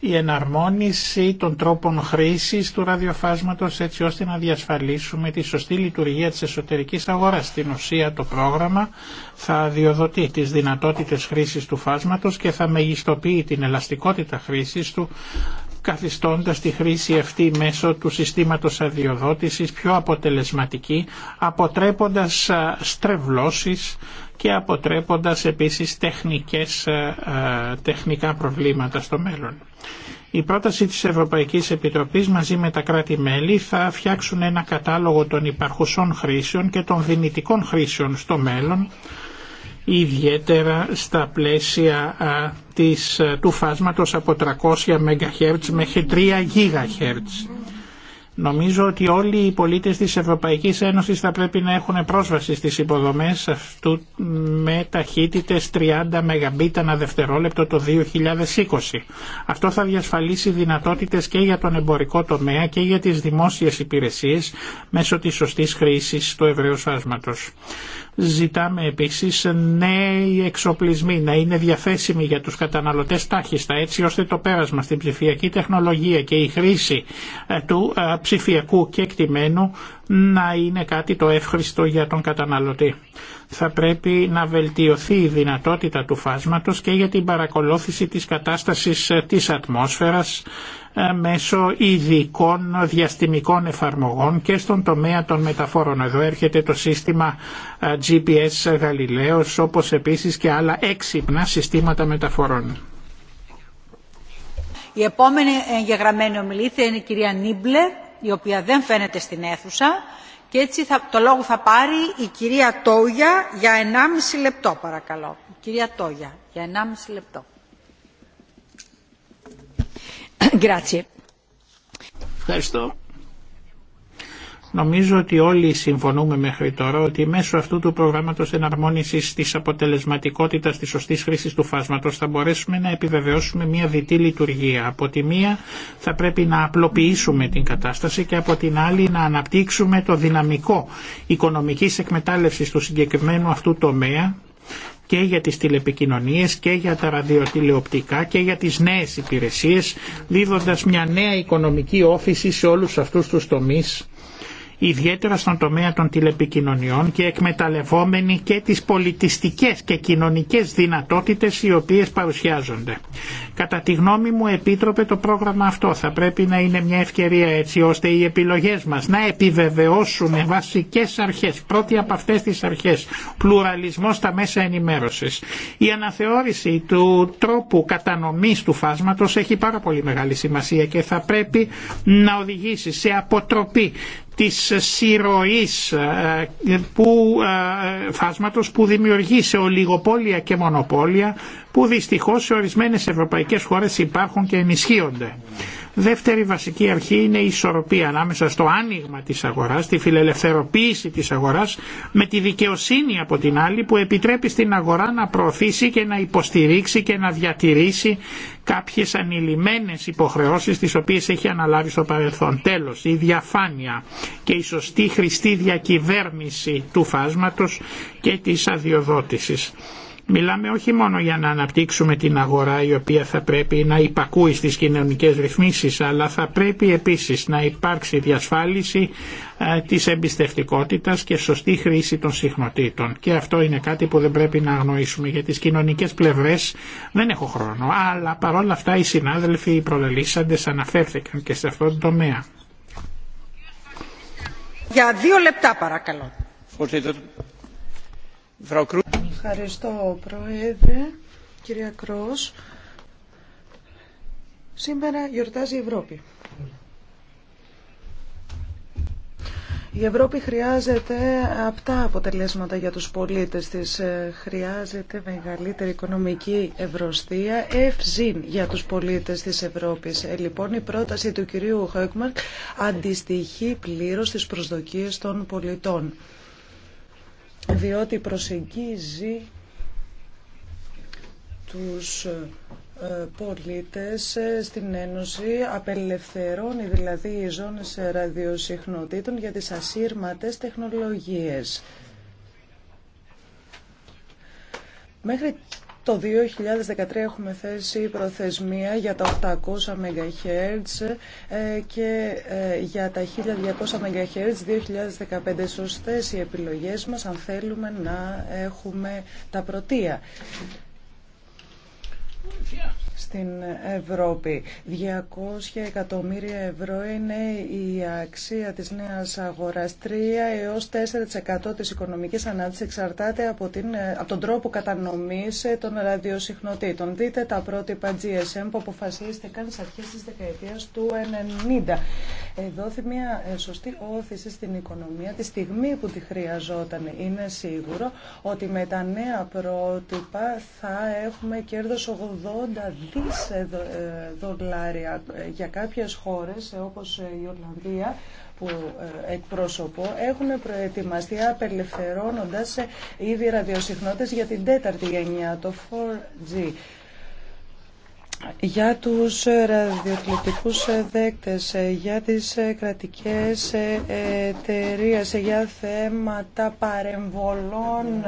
Η εναρμόνιση των τρόπων χρήσης του ραδιοφάσματος έτσι ώστε να διασφαλίσουμε τη σωστή λειτουργία της εσωτερικής αγοράς. Στην ουσία το πρόγραμμα θα αδειοδοτεί τις δυνατότητες χρήσης του φάσματος και θα μεγιστοποιεί την ελαστικότητα χρήσης του καθιστώντας τη χρήση αυτή μέσω του συστήματος αδειοδότησης πιο αποτελεσματική, αποτρέποντας στρεβλώσεις και αποτρέποντας επίσης τεχνικές, ε, ε, τεχνικά προβλήματα στο μέλλον. Η πρόταση της Ευρωπαϊκής Επιτροπής μαζί με τα κράτη-μέλη θα φτιάξουν ένα κατάλογο των υπαρχουσών χρήσεων και των δυνητικών χρήσεων στο μέλλον, ιδιαίτερα στα πλαίσια της, ε, του φάσματος από 300 MHz μέχρι 3 GHz. Νομίζω ότι όλοι οι πολίτες της Ευρωπαϊκής Ένωσης θα πρέπει να έχουν πρόσβαση στις υποδομές αυτού με ταχύτητες 30 Mbit ανά δευτερόλεπτο το 2020. Αυτό θα διασφαλίσει δυνατότητες και για τον εμπορικό τομέα και για τις δημόσιες υπηρεσίες μέσω της σωστής χρήσης του ευρεοσφάσματος. Ζητάμε επίσης νέοι εξοπλισμοί να είναι διαθέσιμοι για τους καταναλωτές τάχιστα έτσι ώστε το πέρασμα στην ψηφιακή τεχνολογία και η χρήση ε, του ε, ψηφιακού κεκτημένου να είναι κάτι το εύχριστο για τον καταναλωτή θα πρέπει να βελτιωθεί η δυνατότητα του φάσματος και για την παρακολούθηση της κατάστασης ε, της ατμόσφαιρας ε, μέσω ειδικών διαστημικών εφαρμογών και στον τομέα των μεταφόρων. Εδώ έρχεται το σύστημα ε, GPS Γαλιλαίος όπως επίσης και άλλα έξυπνα συστήματα μεταφορών. Η επόμενη εγγεγραμμένη ομιλήθεια είναι η κυρία Νίμπλε, η οποία δεν φαίνεται στην αίθουσα. Και έτσι θα, το λόγο θα πάρει η κυρία Τόγια για 1,5 λεπτό παρακαλώ. κυρία Τόγια για 1,5 λεπτό. Ευχαριστώ. Νομίζω ότι όλοι συμφωνούμε μέχρι τώρα ότι μέσω αυτού του προγράμματος εναρμόνισης της αποτελεσματικότητα της σωστής χρήσης του φάσματος θα μπορέσουμε να επιβεβαιώσουμε μια διτή λειτουργία. Από τη μία θα πρέπει να απλοποιήσουμε την κατάσταση και από την άλλη να αναπτύξουμε το δυναμικό οικονομικής εκμετάλλευσης του συγκεκριμένου αυτού τομέα και για τις τηλεπικοινωνίες και για τα ραδιοτηλεοπτικά και για τις νέες υπηρεσίες δίδοντας μια νέα οικονομική όφηση σε όλους αυτούς τους τομείς ιδιαίτερα στον τομέα των τηλεπικοινωνιών και εκμεταλλευόμενοι και τις πολιτιστικές και κοινωνικές δυνατότητες οι οποίες παρουσιάζονται. Κατά τη γνώμη μου, Επίτροπε, το πρόγραμμα αυτό θα πρέπει να είναι μια ευκαιρία έτσι ώστε οι επιλογές μας να επιβεβαιώσουν βασικές αρχές, πρώτη από αυτές τις αρχές, πλουραλισμό στα μέσα ενημέρωσης. Η αναθεώρηση του τρόπου κατανομής του φάσματος έχει πάρα πολύ μεγάλη σημασία και θα πρέπει να οδηγήσει σε αποτροπή της συρροής ε, που, ε, φάσματος που δημιουργεί σε ολιγοπόλια και μονοπόλια που δυστυχώς σε ορισμένες ευρωπαϊκές χώρες υπάρχουν και ενισχύονται. Δεύτερη βασική αρχή είναι η ισορροπία ανάμεσα στο άνοιγμα της αγοράς, τη φιλελευθεροποίηση της αγοράς, με τη δικαιοσύνη από την άλλη που επιτρέπει στην αγορά να προωθήσει και να υποστηρίξει και να διατηρήσει κάποιες ανηλυμένες υποχρεώσεις τις οποίες έχει αναλάβει στο παρελθόν. Τέλος, η διαφάνεια και η σωστή χρηστή διακυβέρνηση του φάσματος και της αδειοδότησης. Μιλάμε όχι μόνο για να αναπτύξουμε την αγορά η οποία θα πρέπει να υπακούει στις κοινωνικές ρυθμίσεις αλλά θα πρέπει επίσης να υπάρξει διασφάλιση ε, της εμπιστευτικότητας και σωστή χρήση των συχνοτήτων. Και αυτό είναι κάτι που δεν πρέπει να αγνοήσουμε για τις κοινωνικές πλευρές δεν έχω χρόνο. Αλλά παρόλα αυτά οι συνάδελφοι, οι προλελήσαντες αναφέρθηκαν και σε αυτόν τον τομέα. Για λεπτά παρακαλώ. Ευχαριστώ, Πρόεδρε, κυρία Κρός. Σήμερα γιορτάζει η Ευρώπη. Η Ευρώπη χρειάζεται απτά αποτελέσματα για τους πολίτες της. Ε, χρειάζεται μεγαλύτερη οικονομική ευρωστία, ευζήν για τους πολίτες της Ευρώπης. Ε, λοιπόν, η πρόταση του κυρίου Χόικμαρτ αντιστοιχεί πλήρως στις προσδοκίες των πολιτών διότι προσεγγίζει τους ε, πολίτες ε, στην Ένωση απελευθερώνει δηλαδή οι ζώνες ραδιοσυχνοτήτων για τις ασύρματες τεχνολογίες. Μέχρι το 2013 έχουμε θέσει προθεσμία για τα 800 MHz ε, και ε, για τα 1200 MHz 2015. Σωστές οι επιλογές μας αν θέλουμε να έχουμε τα πρωτεία στην Ευρώπη. 200 εκατομμύρια ευρώ είναι η αξία της νέας αγοράς. 3 έως 4% της οικονομικής ανάπτυξης εξαρτάται από, την, από τον τρόπο κατανομής των ραδιοσυχνοτήτων. Δείτε τα πρότυπα GSM που αποφασίστηκαν στις αρχές της δεκαετίας του 90. εδώ μια σωστή όθηση στην οικονομία τη στιγμή που τη χρειαζόταν. Είναι σίγουρο ότι με τα νέα πρότυπα θα έχουμε κέρδος 80 Τις ε, δολάρια ε, ε, για κάποιες χώρες όπως η Ολλανδία που εκπρόσωπο έχουν προετοιμαστεί απελευθερώνοντας ήδη ραδιοσυχνότητες για την τέταρτη γενιά, το 4G. Για τους ραδιοκλητικούς δέκτες, για τις κρατικές εταιρείε, για θέματα παρεμβολών,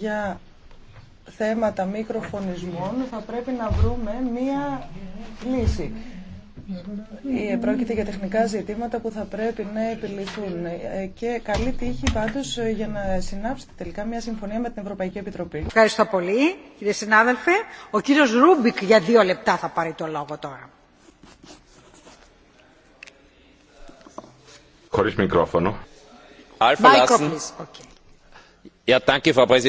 για θέματα μικροφωνισμών θα πρέπει να βρούμε μία λύση. Ε, πρόκειται για τεχνικά ζητήματα που θα πρέπει να επιληθούν. Ε, και καλή τύχη πάντως ε, για να συνάψετε τελικά μια συμφωνία με την Ευρωπαϊκή Επιτροπή. Ευχαριστώ πολύ κύριε συνάδελφε. Ο κύριο Ρούμπικ για δύο λεπτά θα πάρει το λόγο τώρα. Χωρί μικρόφωνο.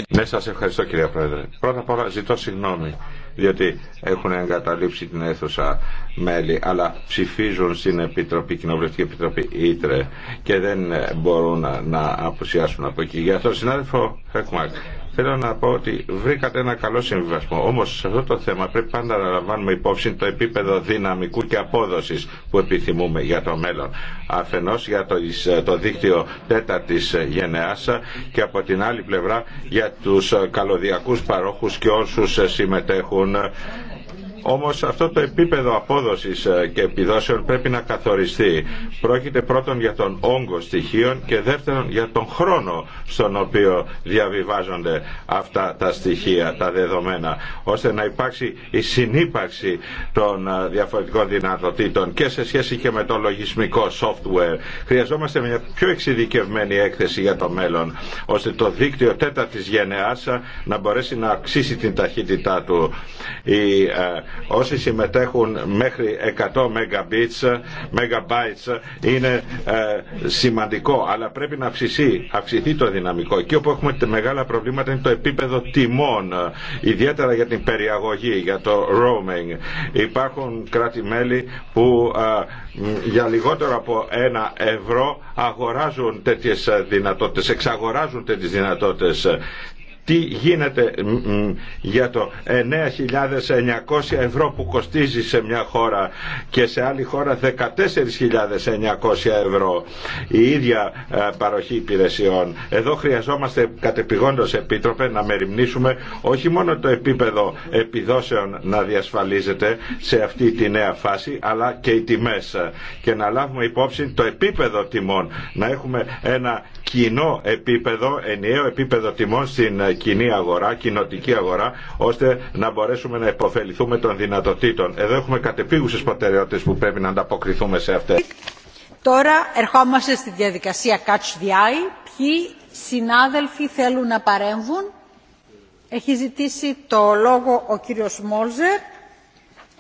Ναι, σας ευχαριστώ κύριε Πρόεδρε. Πρώτα απ' όλα ζητώ συγγνώμη διότι έχουν εγκαταλείψει την αίθουσα μέλη, αλλά ψηφίζουν στην Επιτροπή, Κοινοβουλευτική Επιτροπή Ήτρε και δεν μπορούν να, να απουσιάσουν από εκεί. Για τον συνάδελφο Χεκμάκ, Θέλω να πω ότι βρήκατε ένα καλό συμβιβασμό. Όμω σε αυτό το θέμα πρέπει πάντα να λαμβάνουμε υπόψη το επίπεδο δυναμικού και απόδοση που επιθυμούμε για το μέλλον. Αφενό για το, ε, το δίκτυο τέταρτη ε, γενεάς και από την άλλη πλευρά για του ε, καλωδιακού παρόχου και όσου συμμετέχουν όμως αυτό το επίπεδο απόδοσης ε, και επιδόσεων πρέπει να καθοριστεί. Πρόκειται πρώτον για τον όγκο στοιχείων και δεύτερον για τον χρόνο στον οποίο διαβιβάζονται αυτά τα στοιχεία, τα δεδομένα, ώστε να υπάρξει η συνύπαρξη των ε, διαφορετικών δυνατοτήτων και σε σχέση και με το λογισμικό software. Χρειαζόμαστε μια πιο εξειδικευμένη έκθεση για το μέλλον, ώστε το δίκτυο τέταρτης γενεάς ε, να μπορέσει να αυξήσει την ταχύτητά του όσοι συμμετέχουν μέχρι 100 megabits, megabytes είναι ε, σημαντικό αλλά πρέπει να αυξηθεί, αυξηθεί το δυναμικό. Εκεί όπου έχουμε μεγάλα προβλήματα είναι το επίπεδο τιμών ιδιαίτερα για την περιαγωγή, για το roaming. Υπάρχουν κράτη-μέλη που ε, για λιγότερο από ένα ευρώ αγοράζουν τέτοιες ε, δυνατότητες, εξαγοράζουν τέτοιες δυνατότητες τι γίνεται για το 9.900 ευρώ που κοστίζει σε μια χώρα και σε άλλη χώρα 14.900 ευρώ η ίδια ε, παροχή υπηρεσιών. Εδώ χρειαζόμαστε κατεπηγόντως επίτροπε να μεριμνήσουμε όχι μόνο το επίπεδο επιδόσεων να διασφαλίζεται σε αυτή τη νέα φάση αλλά και οι τιμές και να λάβουμε υπόψη το επίπεδο τιμών να έχουμε ένα κοινό επίπεδο, ενιαίο επίπεδο τιμών στην κοινή αγορά, κοινοτική αγορά, ώστε να μπορέσουμε να υποφεληθούμε των δυνατοτήτων. Εδώ έχουμε κατεπίγουσες προτεραιότητε που πρέπει να ανταποκριθούμε σε αυτές. Τώρα ερχόμαστε στη διαδικασία Catch the Eye. Ποιοι συνάδελφοι θέλουν να παρέμβουν. Έχει ζητήσει το λόγο ο κύριος Μόλζερ.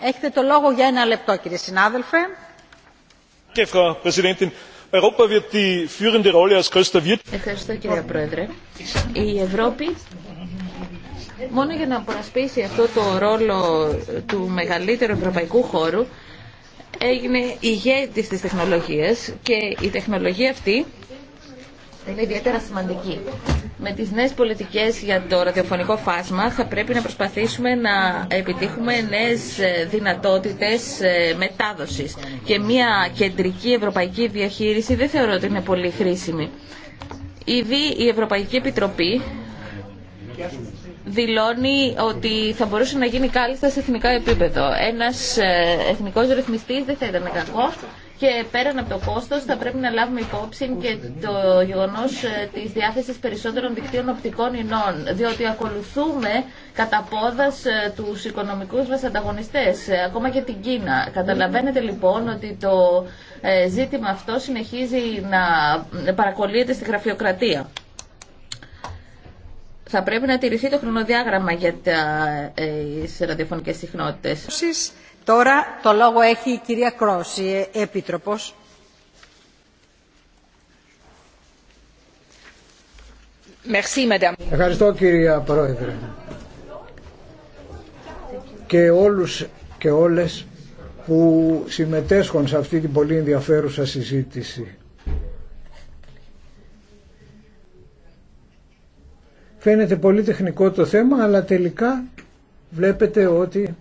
Έχετε το λόγο για ένα λεπτό κύριε συνάδελφε. Ευχαριστώ κύριε Πρόεδρε. Η Ευρώπη μόνο για να προασπίσει αυτό το ρόλο του μεγαλύτερου ευρωπαϊκού χώρου έγινε ηγέτης της τεχνολογίας και η τεχνολογία αυτή είναι ιδιαίτερα σημαντική με τις νέες πολιτικές για το ραδιοφωνικό φάσμα θα πρέπει να προσπαθήσουμε να επιτύχουμε νέες ε, δυνατότητες ε, μετάδοσης. Και μια κεντρική ευρωπαϊκή διαχείριση δεν θεωρώ ότι είναι πολύ χρήσιμη. Ήδη η Ευρωπαϊκή Επιτροπή δηλώνει ότι θα μπορούσε να γίνει κάλλιστα σε εθνικά επίπεδο. Ένας ε, εθνικός ρυθμιστής δεν θα ήταν κακό και πέραν από το κόστο, θα πρέπει να λάβουμε υπόψη και το γεγονό ε, τη διάθεση περισσότερων δικτύων οπτικών ινών, διότι ακολουθούμε κατά πόδα ε, του οικονομικού μα ανταγωνιστέ, ε, ακόμα και την Κίνα. Καταλαβαίνετε λοιπόν ότι το ζήτημα αυτό συνεχίζει να παρακολύεται στη γραφειοκρατία. Θα πρέπει να τηρηθεί το χρονοδιάγραμμα για τι ραδιοφωνικέ συχνότητε. Τώρα το λόγο έχει η κυρία Κρόση, ε, Επίτροπος. Ευχαριστώ κυρία Πρόεδρε και όλους και όλες που συμμετέσχουν σε αυτή την πολύ ενδιαφέρουσα συζήτηση. Φαίνεται πολύ τεχνικό το θέμα αλλά τελικά βλέπετε ότι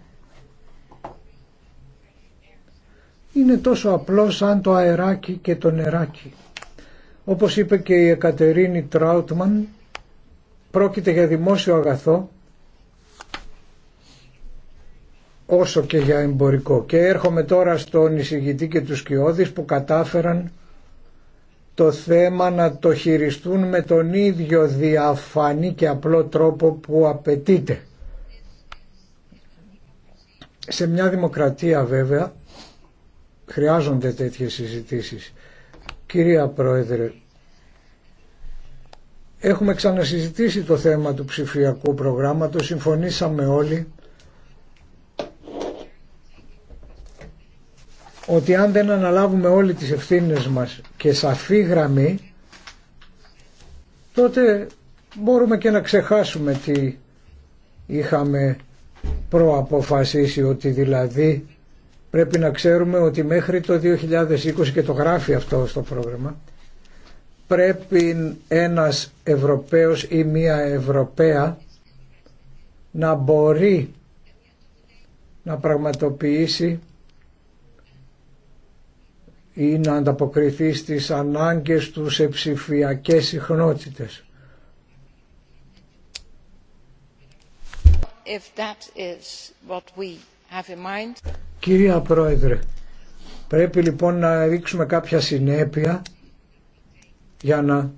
είναι τόσο απλό σαν το αεράκι και το νεράκι. Όπως είπε και η Εκατερίνη Τράουτμαν, πρόκειται για δημόσιο αγαθό όσο και για εμπορικό. Και έρχομαι τώρα στον εισηγητή και τους κοιόδης που κατάφεραν το θέμα να το χειριστούν με τον ίδιο διαφανή και απλό τρόπο που απαιτείται. Σε μια δημοκρατία βέβαια χρειάζονται τέτοιες συζητήσεις. Κυρία Πρόεδρε, έχουμε ξανασυζητήσει το θέμα του ψηφιακού προγράμματος, συμφωνήσαμε όλοι ότι αν δεν αναλάβουμε όλοι τις ευθύνες μας και σαφή γραμμή, τότε μπορούμε και να ξεχάσουμε τι είχαμε προαποφασίσει ότι δηλαδή Πρέπει να ξέρουμε ότι μέχρι το 2020 και το γράφει αυτό στο πρόγραμμα πρέπει ένας Ευρωπαίος ή μία Ευρωπαία να μπορεί να πραγματοποιήσει ή να ανταποκριθεί στις ανάγκες του σε ψηφιακές συχνότητες. Κυρία Πρόεδρε, πρέπει λοιπόν να ρίξουμε κάποια συνέπεια για να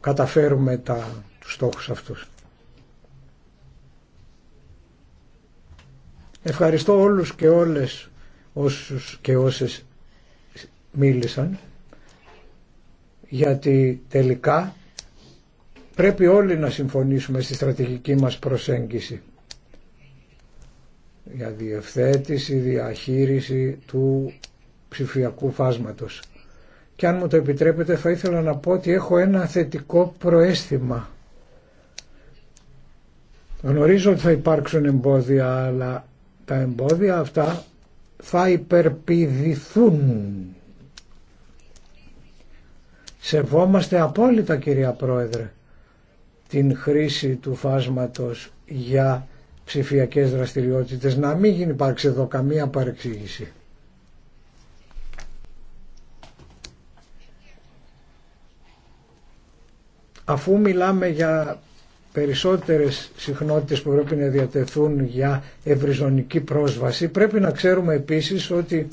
καταφέρουμε τα, τους στόχους αυτούς. Ευχαριστώ όλους και όλες όσους και όσες μίλησαν γιατί τελικά πρέπει όλοι να συμφωνήσουμε στη στρατηγική μας προσέγγιση για διευθέτηση, διαχείριση του ψηφιακού φάσματος. Και αν μου το επιτρέπετε θα ήθελα να πω ότι έχω ένα θετικό προέστημα. Γνωρίζω ότι θα υπάρξουν εμπόδια, αλλά τα εμπόδια αυτά θα υπερπηδηθούν. Σεβόμαστε απόλυτα κυρία Πρόεδρε την χρήση του φάσματος για ψηφιακές δραστηριότητες, να μην υπάρξει εδώ καμία παρεξήγηση. Αφού μιλάμε για περισσότερες συχνότητες που πρέπει να διατεθούν για ευρυζωνική πρόσβαση, πρέπει να ξέρουμε επίσης ότι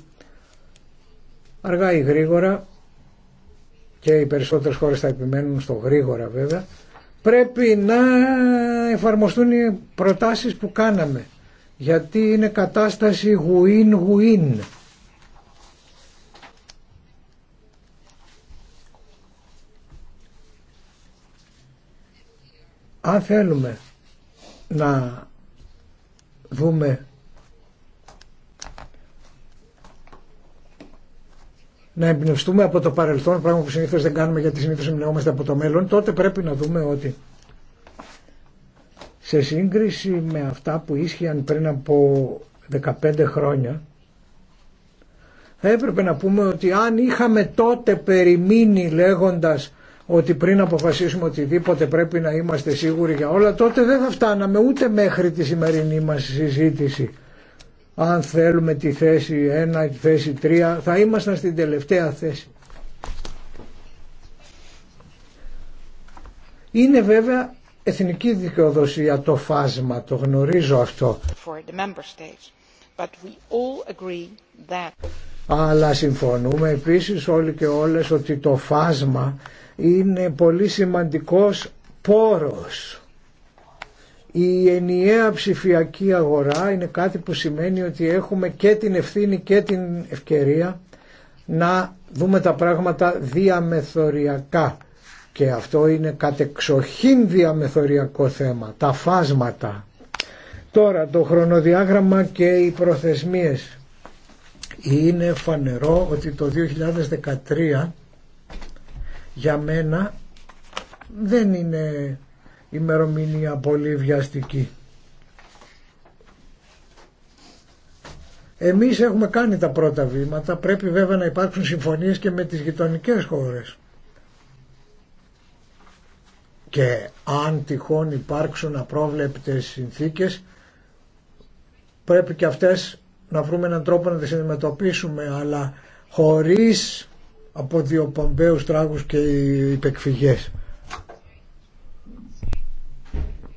αργά ή γρήγορα και οι περισσότερες χώρες θα επιμένουν στο γρήγορα βέβαια πρέπει να εφαρμοστούν οι προτάσεις που κάναμε γιατί είναι κατάσταση γουίν-γουίν. Αν θέλουμε να δούμε να εμπνευστούμε από το παρελθόν, πράγμα που συνήθως δεν κάνουμε γιατί συνήθως εμπνευόμαστε από το μέλλον, τότε πρέπει να δούμε ότι σε σύγκριση με αυτά που ίσχυαν πριν από 15 χρόνια θα έπρεπε να πούμε ότι αν είχαμε τότε περιμείνει λέγοντας ότι πριν αποφασίσουμε οτιδήποτε πρέπει να είμαστε σίγουροι για όλα τότε δεν θα φτάναμε ούτε μέχρι τη σημερινή μας συζήτηση αν θέλουμε τη θέση 1 τη θέση 3 θα ήμασταν στην τελευταία θέση είναι βέβαια εθνική δικαιοδοσία το φάσμα, το γνωρίζω αυτό. Αλλά συμφωνούμε επίσης όλοι και όλες ότι το φάσμα είναι πολύ σημαντικός πόρος. Η ενιαία ψηφιακή αγορά είναι κάτι που σημαίνει ότι έχουμε και την ευθύνη και την ευκαιρία να δούμε τα πράγματα διαμεθοριακά και αυτό είναι κατεξοχήν διαμεθοριακό θέμα, τα φάσματα. Τώρα το χρονοδιάγραμμα και οι προθεσμίες. Είναι φανερό ότι το 2013 για μένα δεν είναι ημερομηνία πολύ βιαστική. Εμείς έχουμε κάνει τα πρώτα βήματα, πρέπει βέβαια να υπάρξουν συμφωνίες και με τις γειτονικές χώρες και αν τυχόν υπάρξουν απρόβλεπτες συνθήκες πρέπει και αυτές να βρούμε έναν τρόπο να τις αντιμετωπίσουμε αλλά χωρίς από διοπομπαίους τράγους και υπεκφυγές.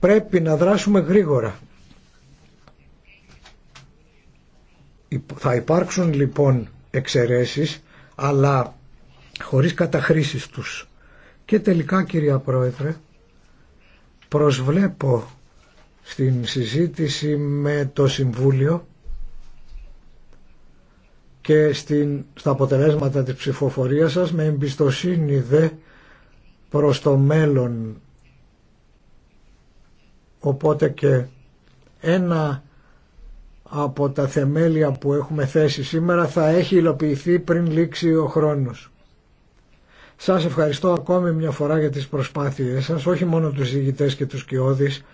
Πρέπει να δράσουμε γρήγορα. Θα υπάρξουν λοιπόν εξαιρέσεις αλλά χωρίς καταχρήσεις τους. Και τελικά κυρία Πρόεδρε, προσβλέπω στην συζήτηση με το Συμβούλιο και στην, στα αποτελέσματα της ψηφοφορίας σας με εμπιστοσύνη δε προς το μέλλον. Οπότε και ένα από τα θεμέλια που έχουμε θέσει σήμερα θα έχει υλοποιηθεί πριν λήξει ο χρόνος. Σας ευχαριστώ ακόμη μια φορά για τις προσπάθειές σας, όχι μόνο τους ηγητές και τους κοιόδης,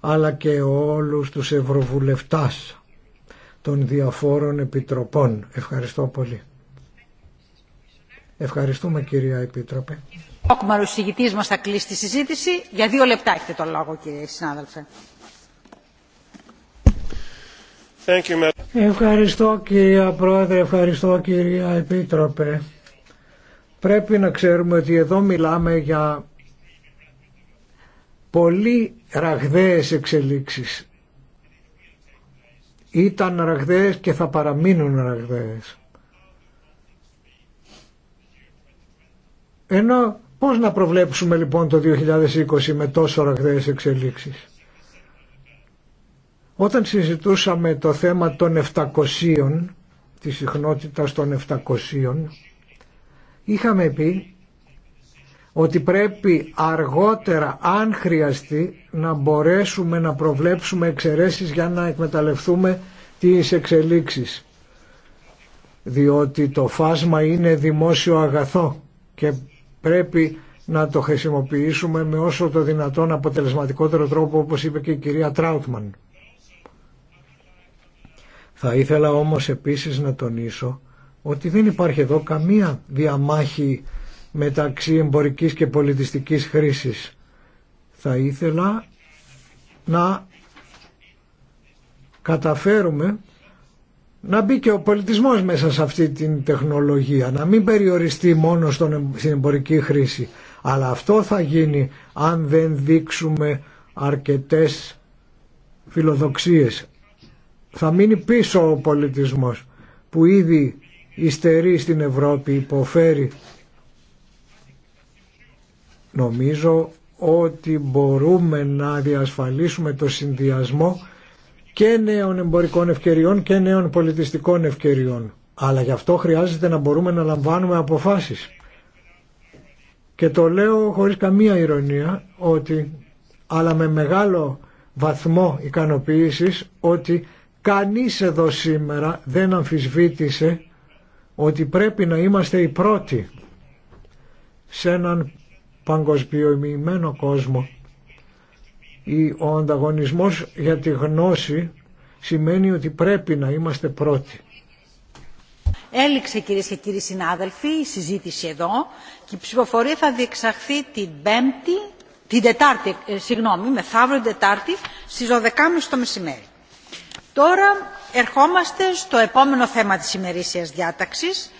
αλλά και όλους τους ευρωβουλευτάς των διαφόρων επιτροπών. Ευχαριστώ πολύ. Ευχαριστούμε κυρία Επίτροπε. Ο Κμαρος ηγητής μας θα κλείσει τη συζήτηση. Για δύο λεπτά έχετε το λόγο κύριε συνάδελφε. Ευχαριστώ κυρία Πρόεδρε, ευχαριστώ κυρία Επίτροπε. Πρέπει να ξέρουμε ότι εδώ μιλάμε για πολύ ραγδαίες εξελίξεις. Ήταν ραγδαίες και θα παραμείνουν ραγδαίες. Ενώ πώς να προβλέψουμε λοιπόν το 2020 με τόσο ραγδαίες εξελίξεις. Όταν συζητούσαμε το θέμα των 700, τη συχνότητα των 700, Είχαμε πει ότι πρέπει αργότερα, αν χρειαστεί, να μπορέσουμε να προβλέψουμε εξαιρέσεις για να εκμεταλλευτούμε τις εξελίξεις. Διότι το φάσμα είναι δημόσιο αγαθό και πρέπει να το χρησιμοποιήσουμε με όσο το δυνατόν αποτελεσματικότερο τρόπο όπως είπε και η κυρία Τράουτμαν. Θα ήθελα όμως επίσης να τονίσω ότι δεν υπάρχει εδώ καμία διαμάχη μεταξύ εμπορικής και πολιτιστικής χρήσης. Θα ήθελα να καταφέρουμε να μπει και ο πολιτισμός μέσα σε αυτή την τεχνολογία, να μην περιοριστεί μόνο στην εμπορική χρήση. Αλλά αυτό θα γίνει αν δεν δείξουμε αρκετές φιλοδοξίες. Θα μείνει πίσω ο πολιτισμός που ήδη υστερεί στην Ευρώπη, υποφέρει. Νομίζω ότι μπορούμε να διασφαλίσουμε το συνδυασμό και νέων εμπορικών ευκαιριών και νέων πολιτιστικών ευκαιριών. Αλλά γι' αυτό χρειάζεται να μπορούμε να λαμβάνουμε αποφάσεις. Και το λέω χωρίς καμία ηρωνία ότι αλλά με μεγάλο βαθμό ικανοποίησης ότι κανείς εδώ σήμερα δεν αμφισβήτησε ότι πρέπει να είμαστε οι πρώτοι σε έναν παγκοσμιοποιημένο κόσμο. Ο ανταγωνισμός για τη γνώση σημαίνει ότι πρέπει να είμαστε πρώτοι. Έληξε κυρίες και κύριοι συνάδελφοι η συζήτηση εδώ και η ψηφοφορία θα διεξαχθεί την Πέμπτη, την Τετάρτη, ε, συγγνώμη, μεθαύριο Τετάρτη στις 12.30 το μεσημέρι. Τώρα Ερχόμαστε στο επόμενο θέμα της ημερήσιας διάταξης